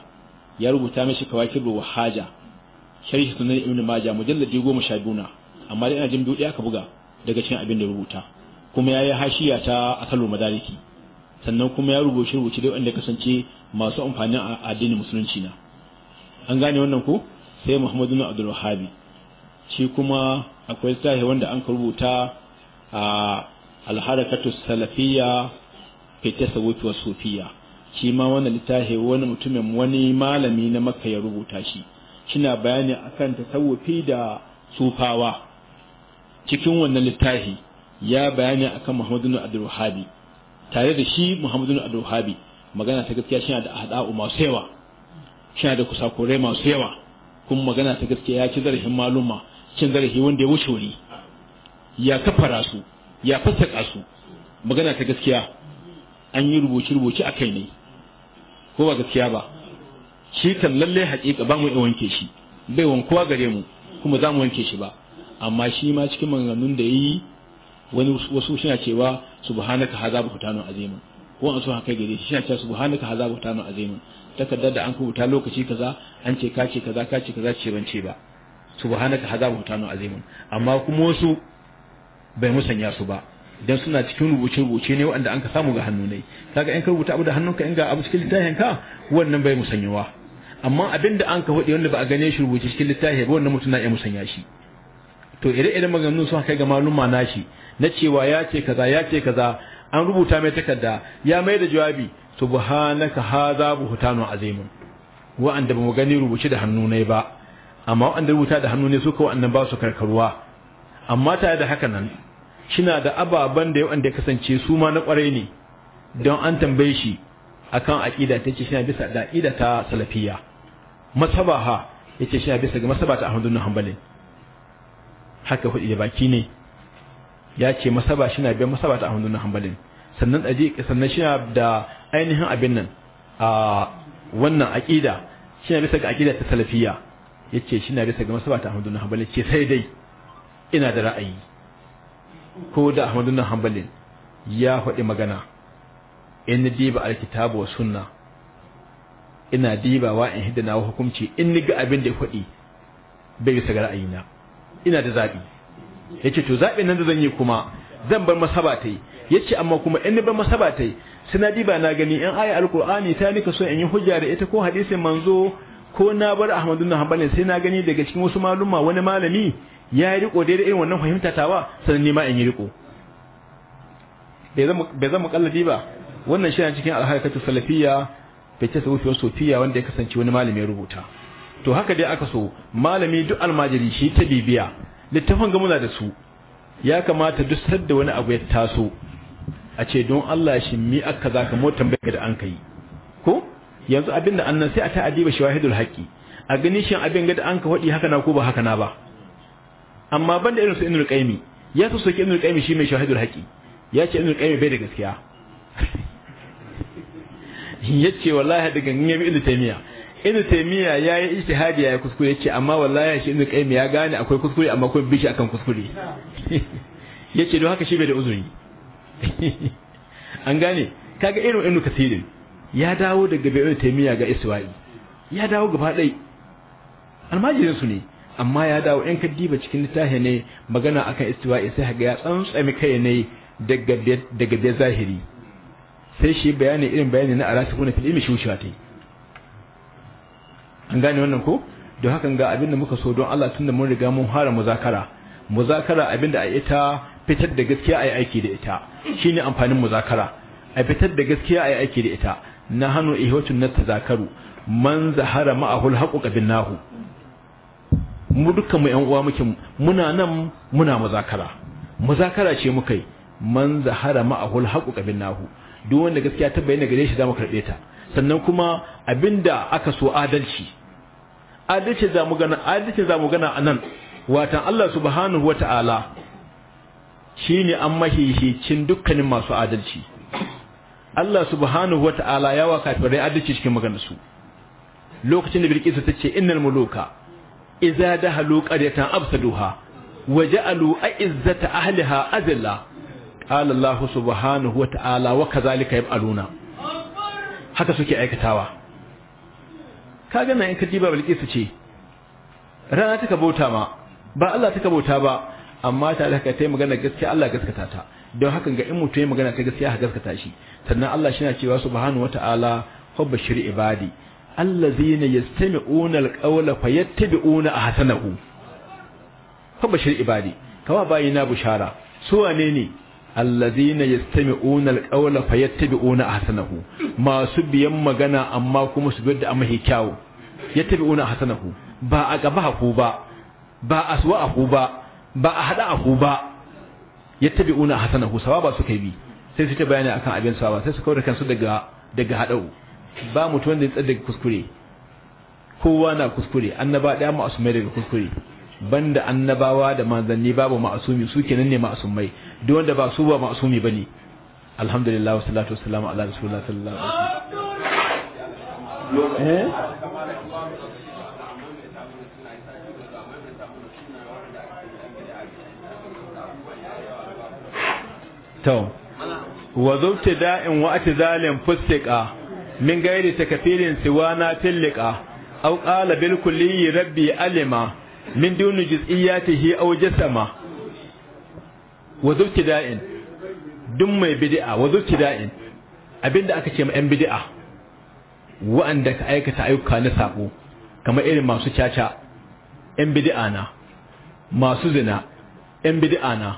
ya rubuta mishi kawakibul haja sharhi sunan ibn majah mujalladi 12 na amma dai ina jin biyu aka buga daga cikin abin da rubuta kuma yayi hashiya ta asalul madariki sannan kuma ya rubuce rubuce da wanda kasance masu amfani a addinin musulunci na an gane wannan ku sai Muhammadu bin Abdul Wahhabi shi kuma akwai sahi wanda an rubuta a al-harakatu salafiyya fi tasawuf wa shi ma wannan littafi wani mutumin wani malami na makka ya rubuta shi shina bayani akan tasawufi da sufawa cikin wannan littafi ya bayani akan Muhammadu bin Abdul tare da shi Muhammadu bin Abdul magana ta gaskiya shi da ahda'u masu yawa shi da kusakurai masu yawa kuma magana ta gaskiya ya ci zarafin maluma cin zarafi wanda ya wuce wuri ya kafara su ya fassaka su magana ta gaskiya an yi rubuce-rubuce a kai ne ko ba gaskiya ba shi kan lalle haƙiƙa ba mu iya wanke shi bai wankuwa gare mu kuma za mu wanke shi ba amma shi ma cikin manganun da yi wani wasu suna cewa subhanaka haza buhtanun azima ko an so haka gare shi suna cewa subhanaka haza buhtanun azima takaddar da an kubuta lokaci kaza an ce ka ce kaza ka ce kaza ce ban ce ba subhanaka haza buhtanun azima amma kuma wasu bai musanya su ba dan suna cikin rubuce-rubuce ne waɗanda an ka samu ga hannu ne kaga in ka rubuta abu da hannunka in ga abu cikin littafin ka wannan bai musanyawa amma abin da an ka faɗi wanda ba a gane shi rubuce cikin littafin ba wannan mutum na iya musanya shi to ire-iren maganganun sun kai ga maluma na shi na cewa ya ce kaza ya ce kaza an rubuta mai takarda ya mai da jawabi subhanaka hadha buhtanu azimun anda ba mu gani rubuce da hannu ne ba amma wa'anda rubuta da hannu ne suka wa'annan ba su karkarwa amma tare da haka nan kina da ababan da yawan da kasance su ma na kwarai ne don an tambaye shi akan aqida ta ce shina bisa da aqida ta salafiya masabaha yace shina bisa ga masaba ta Ahmad ibn Hanbali haka hudi da baki ne ya ce masaba shina bi masaba ta Ahmad ibn Hanbali sannan aje sannan shina da ainihin abin nan a wannan aqida shina bisa ga aqida ta salafiya yace shina bisa ga masaba ta Ahmad ibn Hanbali ce sai dai ina da ra'ayi ko da ahmadu na hambalin ya faɗi magana in ni diba alkitabu wa sunna ina dibawa in hidda na hukunci in ni ga abin da ya faɗi bai bisa ga ra'ayina ina da zaɓi ya ce to zaɓin nan da zan yi kuma zan bar masaba ta ya ce amma kuma in ni bar masaba ta yi suna diba na gani in aya alƙur'ani ta nika so in yi hujja da ita ko hadisin manzo ko na bar ahmadu na hambalin sai na gani daga cikin wasu maluma wani malami ya yi riko daidai irin wannan fahimta tawa sannan nima in yi riko bai zama kallafi ba wannan shi cikin alharkatu salafiyya bai ce sufiyar sofiya wanda ya kasance wani malami rubuta to haka dai aka so malami duk almajiri shi ta bibiya littafin ga da su ya kamata duk sadda wani abu ya taso a ce don Allah shi mi aka ka motan bai da an kai ko yanzu abin da annan sai a ta adiba wahidul haƙi a ganin shin abin ga da an ka faɗi haka na ko ba haka na ba amma banda irin su ibn al-qayyim ya su soke ibn al-qayyim shi mai shahidul haqi ya ce ibn al-qayyim bai da gaskiya ya ce wallahi daga ganin yabi ibn taymiya ibn taymiya yayi ijtihadi yayi kuskure yace amma wallahi shi ibn al-qayyim ya gane akwai kuskure amma kuma bishi akan kuskure yace don haka shi bai da uzuri an gane kaga irin ibn kasirin ya dawo daga ibn taymiya ga iswa'i ya dawo gaba dai almajirin su ne amma ya dawo in ka diba cikin littafi ne magana akan istiwa'i sai ga ya tsantsami kai ne daga daga da zahiri sai shi bayani irin bayani na arasu kuna fil ilmi shushuwa tai an gane wannan ko don hakan ga abinda muka so don Allah tunda mun riga mun fara muzakara muzakara abinda a ita fitar da gaskiya a yi aiki da ita shine amfanin muzakara a fitar da gaskiya a yi aiki da ita na hannu ihotun na tazakaru man zahara ma'ahul haƙuƙa bin nahu mu dukkan mu yan uwa muke muna nan muna muzakara muzakara ce muka yi man zahara ahul haqu nahu duk wanda gaskiya ta bayyana gare shi zamu karbe ta sannan kuma abinda aka so adalci adalci zamu gana adalci zamu gana anan watan Allah subhanahu wata'ala shine an cin dukkanin masu adalci Allah subhanahu wata'ala ya waka kafirai adalci cikin maganar su lokacin da Bilkisu tace innal muluka idza dahalu qaryatan afsaduha wa ja'alu a'izzata ahliha azilla qala Allah subhanahu wa ta'ala wa kadhalika yab'aluna haka suke aikatawa kaga nan in ka jiba bilkisu ce rana ta kabota ma ba Allah ta kabota ba amma ta da ka tayi magana gaskiya Allah gaskata ta don haka ga in mutum ya magana ta gaskiya ha gaskata shi sannan Allah shi na cewa subhanahu wa ta'ala hubbashir ibadi allazina yastami'una alqawla fayattabi'una ahsanahu fa bashir ibadi kawa bayina bushara su wane ne allazina yastami'una alqawla fayattabi'una ahsanahu masu biyan magana amma kuma su bidda amma hikyawo yattabi'una ahsanahu ba a gaba ku ba ba a a ku ba ba a hada ku ba yattabi'una ahsanahu sawaba suka bi sai su ta bayani akan abin sawaba sai su kaura kansu daga daga hadau ba mutum da ya tsada kuskure kowa na kuskure annaba ɗaya ma'asumai daga kuskure banda annabawa da manzanni babu ma'asumi su kenan ne ma'asumai duk wanda ba su ba ma'asumi bane alhamdulillah wa salatu wassalamu ala rasulillah sallallahu alaihi wasallam eh? to wa da'in wa atizalin fustiqa min gairi kafirin siwa na tilika aw qala bil rabbi alima min duni a aw sama. wa zubtida'in duk mai bid'a wa zubtida'in abinda aka ce ma yan bid'a wa'anda ka aikata ayyuka na sako kamar irin masu caca yan bid'a na masu zina yan bid'a na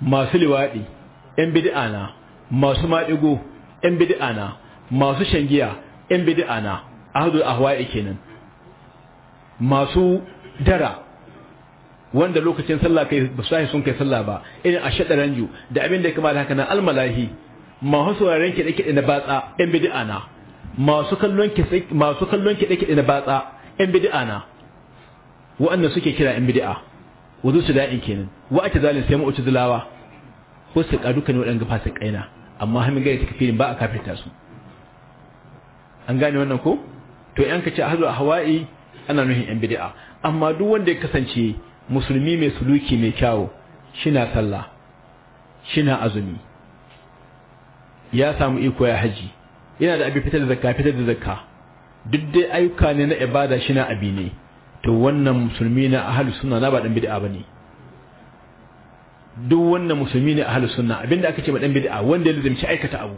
masu liwaɗi, yan bid'a na masu maɗigo yan bid'a na masu shangiya yan bid'a na ahadu ahwa'i kenan masu dara wanda lokacin sallah kai ba sai sun kai sallah ba irin ashadaranju da abin da ya kamata haka na almalahi masu sauraron kiɗe kiɗe na batsa yan bid'a na masu kallon kiɗe masu kallon kiɗe kiɗe na batsa yan bid'a na wa'annan suke kira yan bid'a wuzu su da'in kenan wa ake zalin sai mu'tazila ko su ka dukkan waɗanda fasikai na amma hamin gari ta kafirin ba a kafirta su an gane wannan ko to yan ce ahlul ahwa'i ana nuhin yan bid'a amma duk wanda ya kasance musulmi mai suluki mai kyawu shina sallah shina azumi ya samu iko ya haji yana da abi fitar da zakka fitar da zakka duk dai ayyuka ne na ibada shina abi ne to wannan musulmi na ahlus sunna na ba dan bid'a bane duk wannan musulmi ne ahlus sunna abinda aka ce ba dan bid'a wanda ya lazimci aikata abu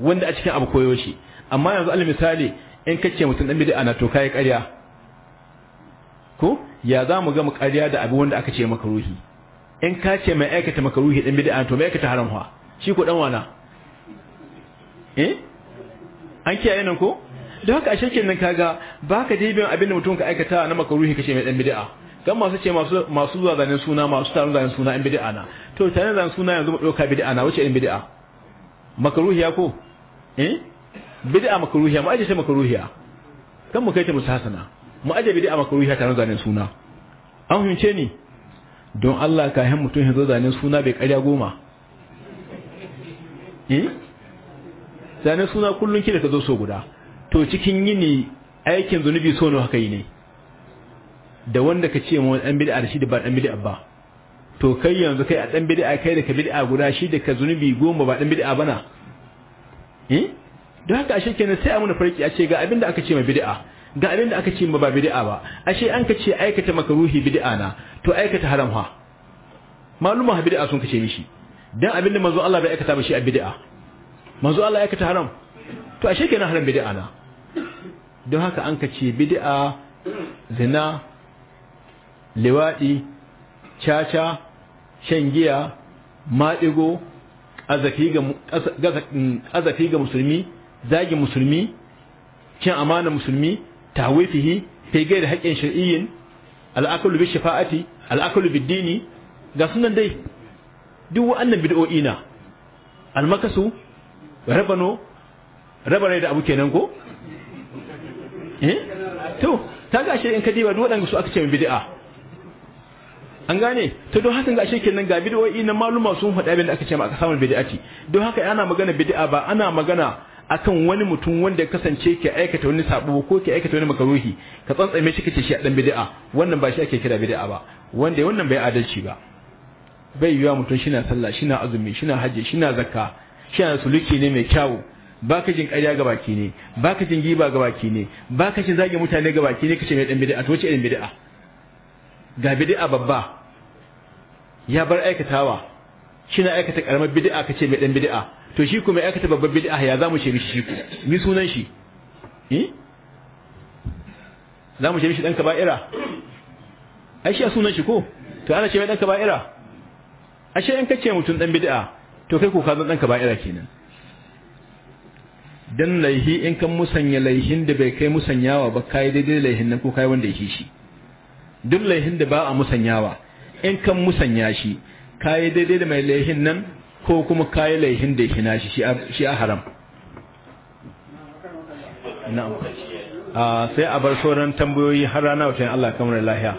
wanda a cikin abu koyo shi amma yanzu al misali in kace mutum dan bid'a na to kai ƙarya ko ya za mu ga mu ƙarya da abin wanda aka ce maka ruhi in ka ce mai aikata maka ruhi dan bid'a to mai aikata haramwa, shi ko dan wana eh an kiyaye nan ko don haka ashe kenan kaga baka bin abin da mutum ka aikata na maka ruhi kace mai dan bid'a kan masu ce masu masu zuwa zanen suna masu taron zanen suna in bid'a na to taron zanen suna yanzu mu dauka bid'a na wace in bid'a makaruhi ya ko eh bid'a makruhiya mu aje ta makruhiya kan mu kai ta musahasana mu aje bid'a makruhiya tare zanen suna an hunce ni don Allah ka hin mutun yanzu zo zanen suna bai karya goma eh zanen suna kullun kida ka zo so guda to cikin yini aikin zunubi so ne haka yi ne da wanda ka ce wani dan bid'a da shi da ba dan bid'a ba to kai yanzu kai a dan bid'a kai da ka bid'a guda shi da ka zunubi goma ba dan bid'a bana eh don haka ashe kenan sai a muna farki a ce ga abin da aka ce ma bid'a ga abin da aka ce ma ba bid'a ba ashe an ka ce aikata makaruhi bid'a na to aikata haram ha maluma bid'a sun kace mishi dan abin da manzo Allah bai aikata ba shi a bid'a manzo Allah ya aikata haram to ashe kenan haram bid'a na don haka an ka ce bid'a zina liwadi caca shan giya maɗigo azafi ga mm, musulmi zagin musulmi cin amana musulmi tawifihi fege da haƙƙin shari'in, al'akulu bi shafa'ati al'akulu bi dini ga sunan dai duk wa'annan bid'o'i na almakasu rabano rabarai da abu kenan ko eh to ta ga shi in ka duk waɗanda su aka ce bid'a an gane to don haka ga shi kenan ga bid'o'i na maluma sun faɗa abin da aka ce ma aka samu bid'ati don haka ana magana bid'a ba ana magana akan wani mutum wanda ya kasance ke aikata wani sabo ko ke aikata wani makaruhi ka tsantsame shi kace shi a dan bid'a wannan ba shi ake kira bid'a ba wanda wannan bai adalci ba bai yiwa mutum shi na sallah shi na azumi shi haji hajji na zakka na suluki ne mai kyau baka jin ƙarya ga baki ne baka jin giba ga baki ne baka jin zage mutane ga baki ne kace mai dan bid'a to wace irin bid'a ga bid'a babba ya bar aikatawa shi na aikata karamar bid'a kace mai dan bid'a to shi kuma aikata babbar bid'a ya zamu ce mishi shi ku mi sunan shi eh zamu ce mishi dan kaba'ira ai shi sunan shi ko to ana ce mai dan kaba'ira ashe in kace mutun dan bid'a to kai ko ka zan dan kaba'ira kenan dan laihi in kan musanya laihin da bai kai musanyawa ba kai daidai laihin nan ko kai wanda yake shi duk laihin da ba a musanyawa in kan musanya shi kai daidai da mai laihin nan ko kuma kayi laihin da shi nashi shi a haram sai a bar sauran tambayoyi har rana wata Allah kamar lahiya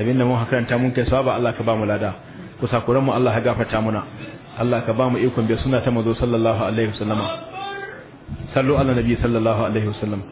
abinda mun hakaranta mun kai saba Allah ka ba mu lada kusa kuran mu Allah ya gafarta muna Allah ka ba mu ikon bai suna ta mazo sallallahu alaihi wasallama sallu ala nabi sallallahu alaihi wasallam